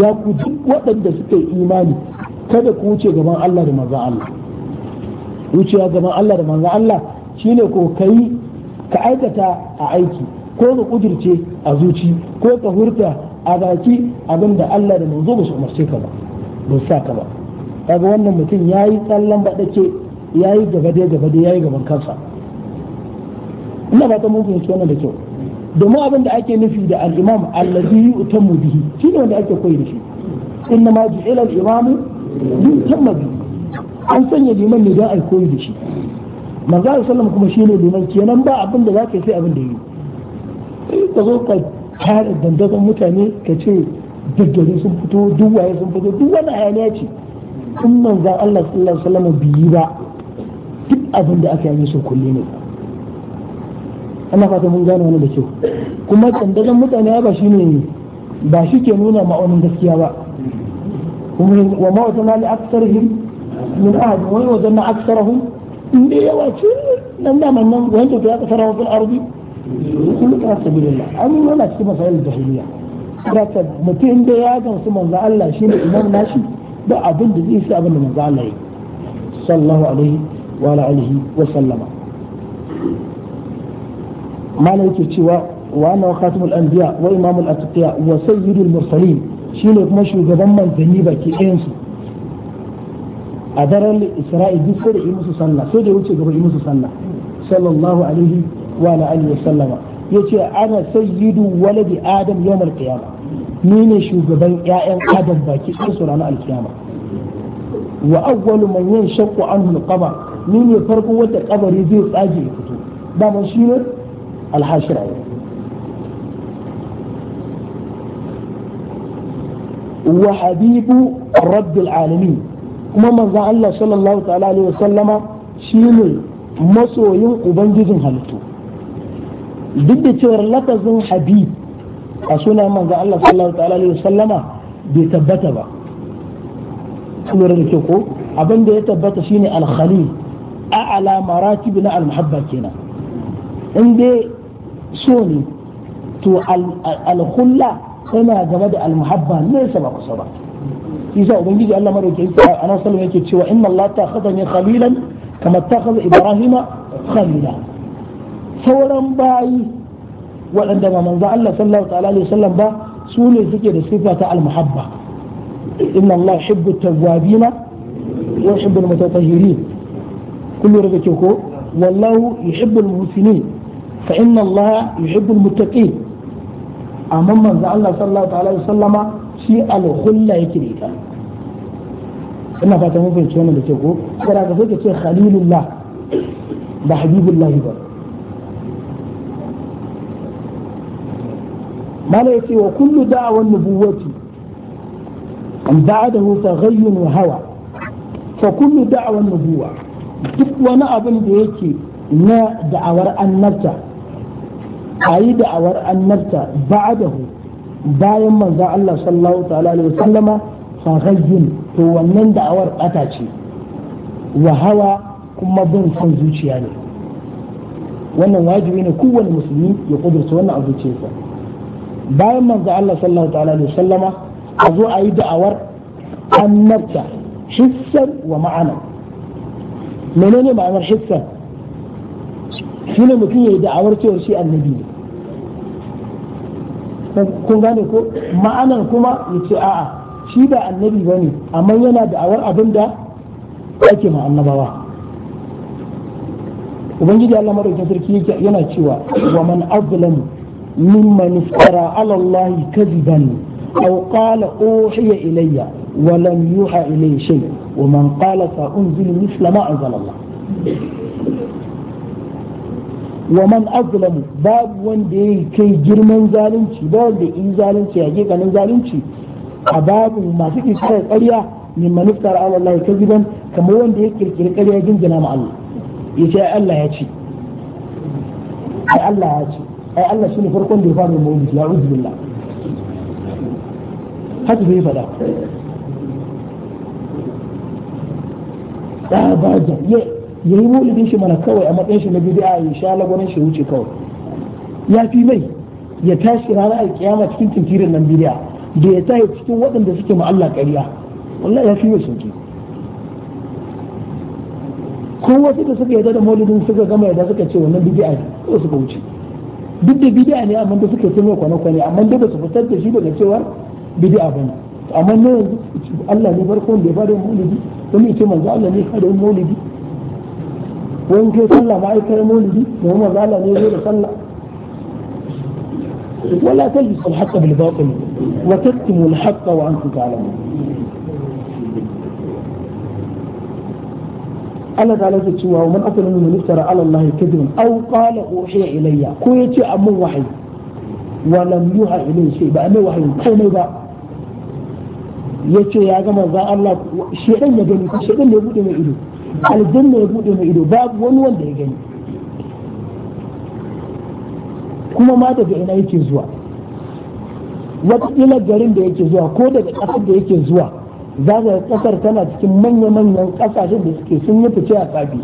ya ku duk waɗanda suka imani kada ku wuce gaban Allah da manzon Allah wucewa gaban Allah da manzon Allah shine ko kai ka aikata a aiki ko ka kudirce a zuci ko ka hurta a baki abin da Allah da manzo ba su umarce ka ba ba sa ka ba kaga wannan mutum yayi tsallan dace yayi gaba dai gaba dai yayi gaban kansa ina ba ta mun fahimci wannan da kyau domin abin da ake nufi da al-imam allazi yutammu bihi shine wanda ake koyi da shi inna ma ju'ila al-imam yutammu bihi an sanya liman ne don ai koyi da shi manzo sallallahu alaihi wasallam kuma shine liman kenan ba abin da zaka yi sai abin da yi ka zo ka ka haɗa dandazon mutane ka ce daggari sun fito duwaye sun fito duk wani hayaniya ce in manzan Allah sallallahu alaihi wasallam biyi ba duk abin da aka yi su kulle ne ana fata mun gane wani da kyau kuma dandazon mutane ba shi ne ba shi ke nuna ma'aunin gaskiya ba wa ma'autana li aksarihim min ahad na wajanna aksarahum in dai yawa ce nan da nan wanda ta kasar hafin arziki sun ka sabilillah amin yana cikin masail jahiliya daga mutum da ya gamsu manzo Allah shi ne imam nashi da abin da zai sa abin da manzo Allah yi Sallahu alaihi wa alihi wa sallama mana yake cewa wa anna khatimul anbiya wa imamul atqiya wa sayyidul mursalin shine kuma shugaban manzanni baki ɗayan su a daren isra'i duk sai da yi musu sallah sai da wuce gaba yi musu sallah sallallahu alaihi wa ala alihi wasallama yace ana sayyidu waladi adam yawm al-qiyama ni shugaban ƴaƴan adam baki ɗin su ranar alkiyama wa awwalu man yanshaqqu anhu al-qabr ni ne farko kabari zai tsaje ya fito dama shi ne wa habibu rabbil alamin kuma manzon Allah sallallahu shine masoyin ubangijin halittu duk da cewar lafazin habib a sunan manzo Allah sallallahu ta'ala alaihi wasallama bai tabbata ba kuma da ke ko abin da ya tabbata shine al-khalil a'la maratib na al-muhabba kenan in dai so ne to al-khulla tana game da al-muhabba ne sa ba kusa ba isa ubangiji Allah madaukakin sa anan sallallahu yake cewa inna Allah ta khadani khalilan kama ta khadha ibrahima khalila sauran bayi waɗanda ba manzo Allah sallallahu ta'ala alaihi wasallam ba su ne suke da sifa ta almuhabba inna Allah yuhibbu tawwabina wa yuhibbu almutatahhirin kullu rage ko wallahu yuhibbu almuhsinin fa inna Allah yuhibbu almuttaqin amma manzo Allah sallallahu ta'ala alaihi wasallama shi alhulla yake ne ita ina fata mun fahimci wannan da ke ko kada ka so ka ce khalilullah ba habibullahi ba mana ce wa kullu da'awan nubuwati an ba'dahu gayyun wa hawa fa kullu da'awan nubuwa duk wani abin da yake na da'awar annabta ayi da'awar annabta ba'adahu, bayan manzo Allah sallallahu ta'ala alaihi wasallama gayyun to wannan da'awar bata ce wa hawa kuma bin son zuciya ne wannan wajibi ne kowane musulmi ya kudurta wannan a zuciyarsa bayan manzo Allah sallallahu ta'ala alaihi sallama a zo a yi da'awar annabta hissan wa ma'ana menene ma'anar Shi ne mutum ya yi da'awar cewa shi annabi ne kun gane ko ma'anar kuma ya ce a'a shi ba annabi ba ne amma yana da'awar abin da ake ma annabawa ubangiji Allah madaukakin sarki yana cewa wa man azlamu ممن افترى على الله كذبا أو قال أوحي إلي ولم يوحى إلي شيء ومن قال سأنزل مثل ما أنزل الله ومن أظلم باب وندي كي جرمان ظالمتي باب دي إن ظالمتي حقيقة من ظالمتي أباب ما تكي شيء قرية ممن افترى على الله كذبا كما وندي كي قرية جنجنا مع الله يتي الله يتي الله يتي ai Allah ne farkon da ya fara mu ya uzu billah haka bai fada ya ba da ya yi maulidin shi mana kawai a matsayin shi na bid'a ya sha lagwanin shi wuce kawai ya fi mai ya tashi ranar kiyama cikin tinkirin nan bid'a da ya tashi cikin waɗanda suke ma Allah ƙarya wallahi ya fi mai sauki ko wasu da suka yarda da maulidin suka gama yadda suka ce wannan bid'a ko suka wuce duk da bid'a ne amma da suke tuno kwana kwana amma da ba su fitar da shi daga cewar bid'a bane amma ne Allah ne farko da ya fara maulidi wani ce manzo Allah ne fara maulidi wani ke sallah ma ai kai maulidi da kuma manzo Allah ne zai da sallah ولا تلبسوا الحق بالباطل وتكتموا الحق وانتم تعلمون Allah ta lafi cewa wa man akala min iftara ala Allah kadhiban aw qala uhiya ilayya ko yace amma wahayi wa lam yuha ilayhi shay ba mai wahayi komai ba yace ya ga za' Allah dan ya gani shi dan ya bude mai ido aljanna ya bude mai ido babu wani wanda ya gani kuma ma daga ina yake zuwa wata garin da yake zuwa ko daga kasar da yake zuwa za ga kasar tana cikin manya-manyan kasashen da suke sun yi fice a tsabi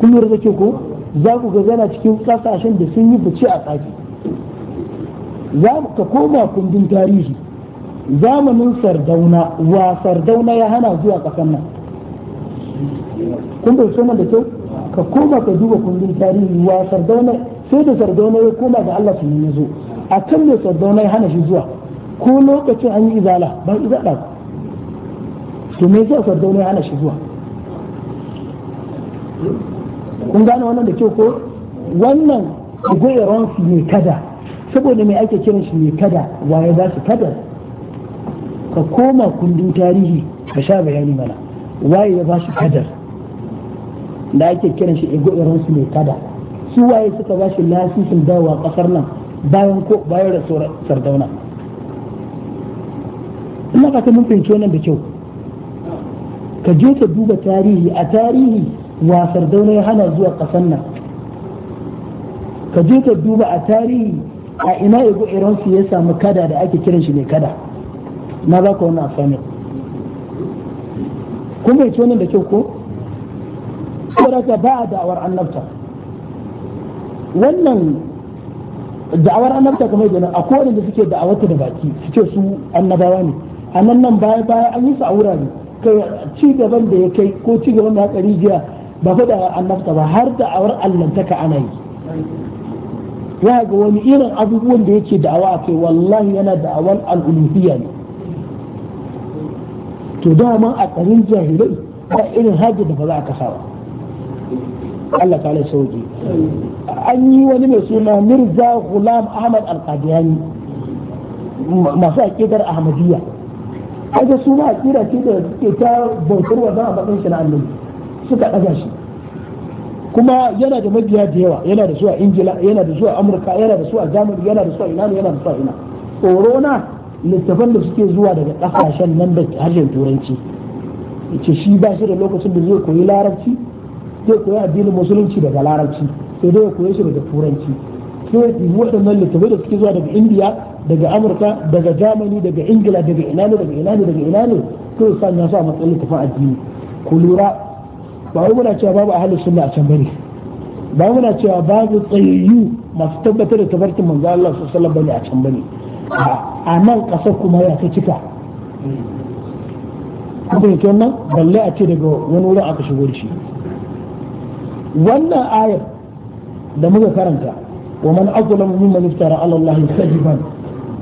kun lura da ke ko za ku ga zana cikin kasashen da sun yi fice a tsabi za ka koma kundin tarihi zamanin sardauna wa sardauna ya hana zuwa kasan nan kun bai so da kyau ka koma ka duba kundin tarihi wa sardauna sai da sardauna ya koma ga Allah su ya zo a kan ne sardauna ya hana shi zuwa ko lokacin an yi izala ba izala to me yasa sardauna ya hana shi zuwa kun gane wannan da kyau ko wannan goyaron su ne kada saboda mai ake kiran shi ne kada waye za su kada ka koma kundin tarihi ka sha bayani mana waye ya ba shi kadar da ake kiran shi ego irin su ne kada su waye suka ba shi lasisin dawowa kasar nan bayan ko bayan da sardauna ina ka ta mun fahimci wannan da kyau ka je ka duba tarihi a tarihi wasar dauna ya hana zuwa ƙasar nan ka je ka duba a tarihi a ina iran su ya samu kada da ake kiran shi ne kada na ba ka wannan kuma kun ce wannan da kyau ko saboda ba a da'awar annabta wannan da'awar annabta kamar yana a kowane da suke da'awar da baki suke su annabawa ne a nan nan baya baya an yi sa'a wurare kai ci gaban da ya kai ko ci gaban da ya kari jiya ba fa da annabta ba har da awar allantaka ana yi ya ga wani irin abubuwan da yake da'awa a kai wallahi yana da'awan al'ulufiya ne to dama a tsarin jahilai ba irin hajji da ba za a kasa ba Allah ta lai sauki an yi wani mai suna Mirza Ghulam Ahmad Al-Qadiani masu aƙidar Ahmadiyya kaga su ma kira ce da suke ta bautar za a matsayin shi na annabi suka ɗaga shi kuma yana da mabiya da yawa yana da su a ingila yana da su a amurka yana da su a germany yana da su a ina yana da su a ina corona littafan da suke zuwa daga kasashen nan da harshen turanci ce shi ba shi da lokacin da zai koyi larabci zai koyi addinin musulunci daga larabci sai dai ya koyi shi daga turanci sai waɗannan littattafai da suke zuwa daga indiya daga amurka daga germany daga ingila daga ina ne daga ina ne daga ina ne to sa na sa matsayin littattafan addini ku lura ba wai muna cewa babu ahlus sunna a can bane ba muna cewa babu tsayayyu masu tabbatar da tabarkin manzo Allah sallallahu alaihi wasallam bane a can bane a nan kasar kuma ya ta cika kuma yake balle a ce daga wani wurin aka shigo shi wannan ayar da muka karanta wa man azlamu mimman iftara ala Allah kadiban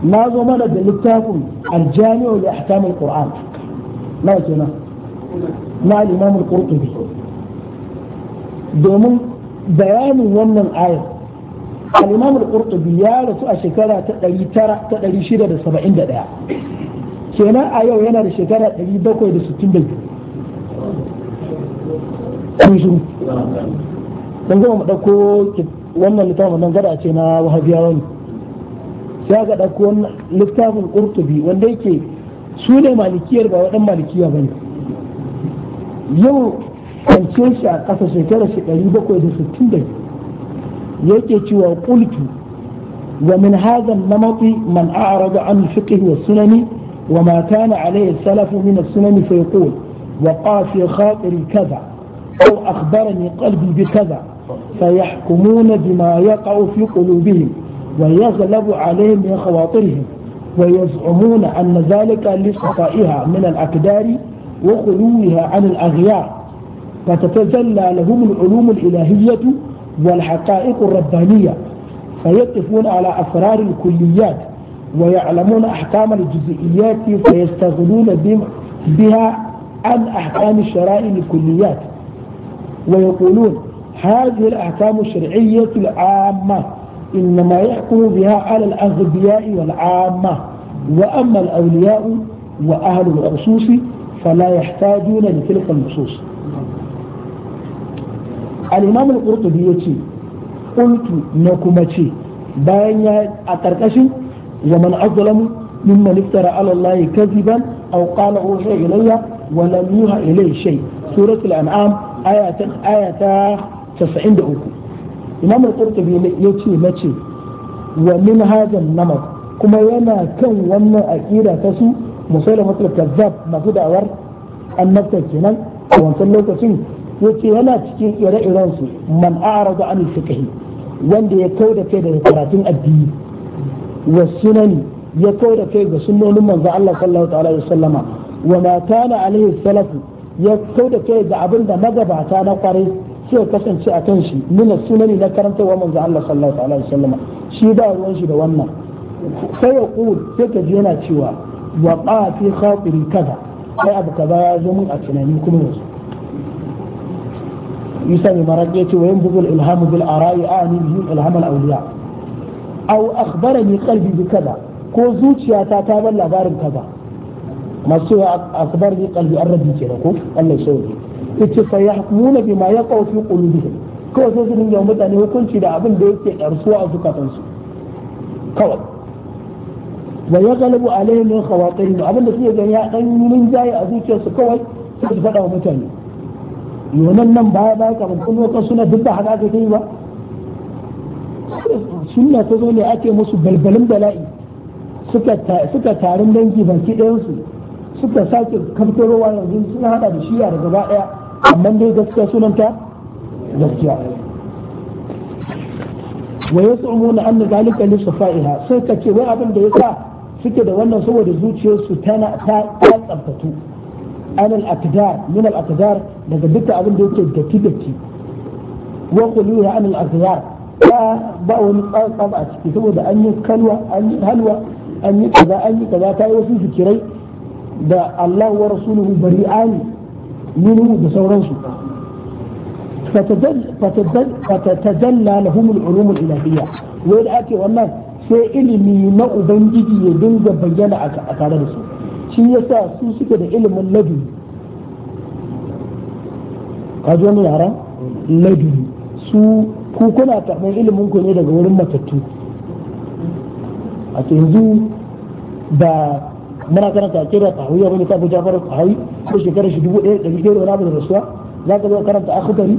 na zo mana da littafin aljami'u li ahkam alquran na kenan na al-imam al-qurtubi domin bayanin wannan ayar al-imam al ya rasu a shekara ta 971 kenan a yau yana da shekara 762 kun shiru mu wannan littafin nan gada ce na wahabiyawa ne sai ga ɗauko wannan littafin qurtubi wanda yake su ne malikiyar ba waɗan malikiya ba ne yau kwance shi a ƙasa shekarar shi bakwai da sittin da yake cewa ƙultu wa min hadha namati man a'rada an fiqh wa sunani wa ma kana alayhi salafu min as-sunani fa yaqul wa qasi khatiri kaza akhbarani qalbi bi kaza فيحكمون بما يقع في قلوبهم ويغلب عليهم من خواطرهم ويزعمون أن ذلك لصفائها من الأكدار وخلوها عن الأغيار فتتجلى لهم العلوم الإلهية والحقائق الربانية فيقفون على أسرار الكليات ويعلمون أحكام الجزئيات فيستغلون بها عن أحكام الشرائع الكليات ويقولون هذه الأحكام الشرعية العامة إنما يحكم بها على الأغبياء والعامة وأما الأولياء وأهل الخصوص فلا يحتاجون لتلك النصوص الإمام القرطبي يتي قلت تي باين أتركش ومن أظلم ممن افترى على الله كذبا أو قال أوحي إلي ولم يوحى إليه شيء سورة الأنعام آية آية casa'in da uku imam ya ce na ce wa min hazan namar kuma yana kan wannan aƙida ta su musaila mutul kazzab masu da'awar annabta kenan a wancan lokacin ya ce yana cikin ire-iren su man a'rada an fiqh wanda ya kau kai daga karatun addini wa sunani ya kau kai ga sunnonin manzo Allah sallallahu alaihi wa ma kana alaihi salafu ya kau kai ga abin da magabata na kwarai suka kasance a kan shi nuna sunani na karanta wa manzo Allah sallallahu alaihi wasallam shi ba ruwan shi da wannan sai ya qul sai ka je yana cewa wa qa fi khatiri kaza sai abu kaza ya zo mun a tunani kuma yanzu Isa ne maraki yace wa yanbugul ilhamu bil ara'i ani bihim ilham al awliya aw ni qalbi bi kaza ko zuciyata ta ban labarin kaza masu akbar ni qalbi arrabi kenan ko Allah ya sauke yace fa yahkumuna bima yaqau fi qulubihim kawai sai su dinga mutane hukunci da abin da yake ɗarsuwa a su kawai wa ya galibu alaihi min khawatirihim abin da suke gani ya dan yin jayi a zuciyarsu kawai sai su faɗa wa mutane yonan nan baya baya kamar kun lokacin suna duk da haka aka kai ba sunna ta zo ne ake musu balbalin bala'i suka tarin dangi baki ɗayansu suka sake kamtarowa yanzu suna hada da shiya da gaba ɗaya amma dai gaskiya sunanta gaskiya wa yas'umuna anna zalika li safaiha sai ka ce wai abin da yasa suke da wannan saboda zuciyarsu tana ta tsaftatu an al-aqdar min al-aqdar daga duka abin da yake datti datti wa quluha an al ba ba wani tsantsan a ciki saboda an yi kalwa an yi halwa an yi kaza an yi kaza ta yi wasu zikirai da Allah wa rasuluhu bari'ani minhu da sauransu fatajalla lahum al-ulum al-ilahiyya wai da ake wannan sai ilimi na ubangiji ya dinga bayyana a tare da su shi yasa su suke da ilimin ladabi ka ji wani yaran ladabi su ku kuna karɓar ilimin ku ne daga wurin matattu a yanzu da muna kira ta tahawiyya wani tafi jafar tahawi ko shekarar shi dubu ɗaya ɗari ɗaya da rasuwa za ka zo karanta akhdari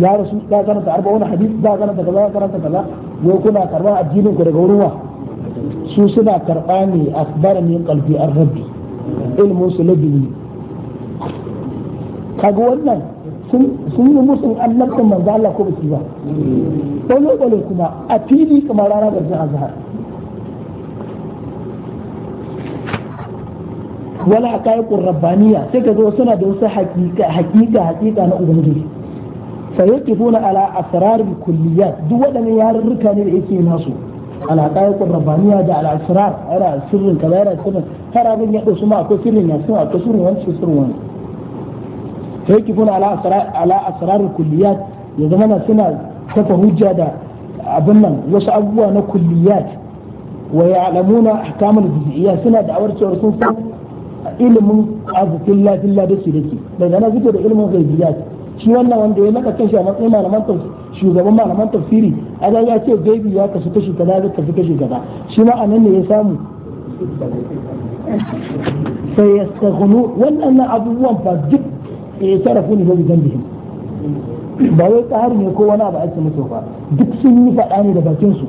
ya rasu za karanta arba wani hadis za karanta kaza za karanta kaza wai kuna a addinin ku daga wurin wa su suna karɓa ne a min qalbi ar-rabbi ilmun su labini kaga wannan sun yi musun annabtan manzo Allah ko bisi ba dole dole kuma a fili kamar rana da azhar ولا كايكو الربانية تكذو سنة دوسة حقيقة حقيقة حقيقة أنا أبنجي فيكفون على أسرار الكليات دوة لم يارك لإيكي ناسو على كايكو الربانية دا على أسرار أرى سر الكبيرة سنة هرى من يحدو سماء كسر ناسو كسر وانس كسر وانس فيكفون على أسرار على أسرار الكليات يزمنا سنة تفهجة دا أبنن وش أبوانا كليات ويعلمون أحكام الجزئية سنة دعورة ورسول صلى الله عليه وسلم ilimin abu filla filla da shi da shi daga na fito da ilimin ghaibiyat shi wannan wanda ya naka kashi a matsayin malaman shugaban malaman tafsiri aga ya ce gaibi ya kasu kashi kaza ya kasu kashi kaza shi ma anan ne ya samu sai ya tsagunu wannan abubuwan ba duk ya eh, sarrafu ne zai bihin ba wai tsari ne ko wani abu ake mutu ba duk sun yi faɗa ne da bakinsu.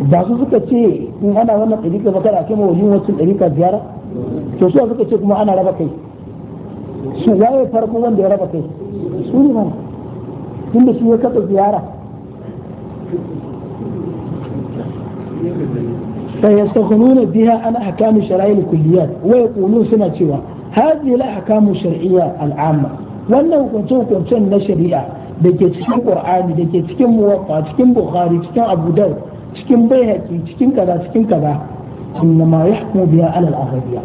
ba su suka ce in ana wannan ɗarika ba kada a kama wajen wancan ɗarika ziyara to su suka ce kuma ana raba kai su waye farko wanda ya raba kai su ne mana tunda su ya kafa ziyara فيستغنون بها عن أحكام الشرعية الكليات ويقولون سنة سوى هذه الأحكام al'amma wannan وأنه كنت na shari'a da ke cikin ƙur'ani da ke cikin muwaffa cikin bukhari cikin abu daud cikin bayhaqi cikin kaza cikin kaza inna ma yahkumu biya alal aghriya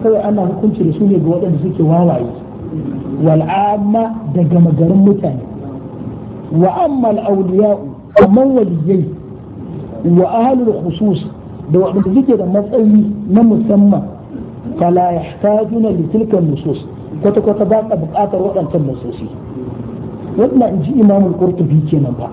kawai ana hukunci da su ne ga waɗanda suke wawaye wal amma da gama garin mutane wa amma al awliya amma waliyai wa ahlul khusus da waɗanda suke da matsayi na musamman fala yahtajuna li tilka nusus kwata kwata ba ka buƙatar waɗancan nususi wannan in ji imamul qurtubi kenan ba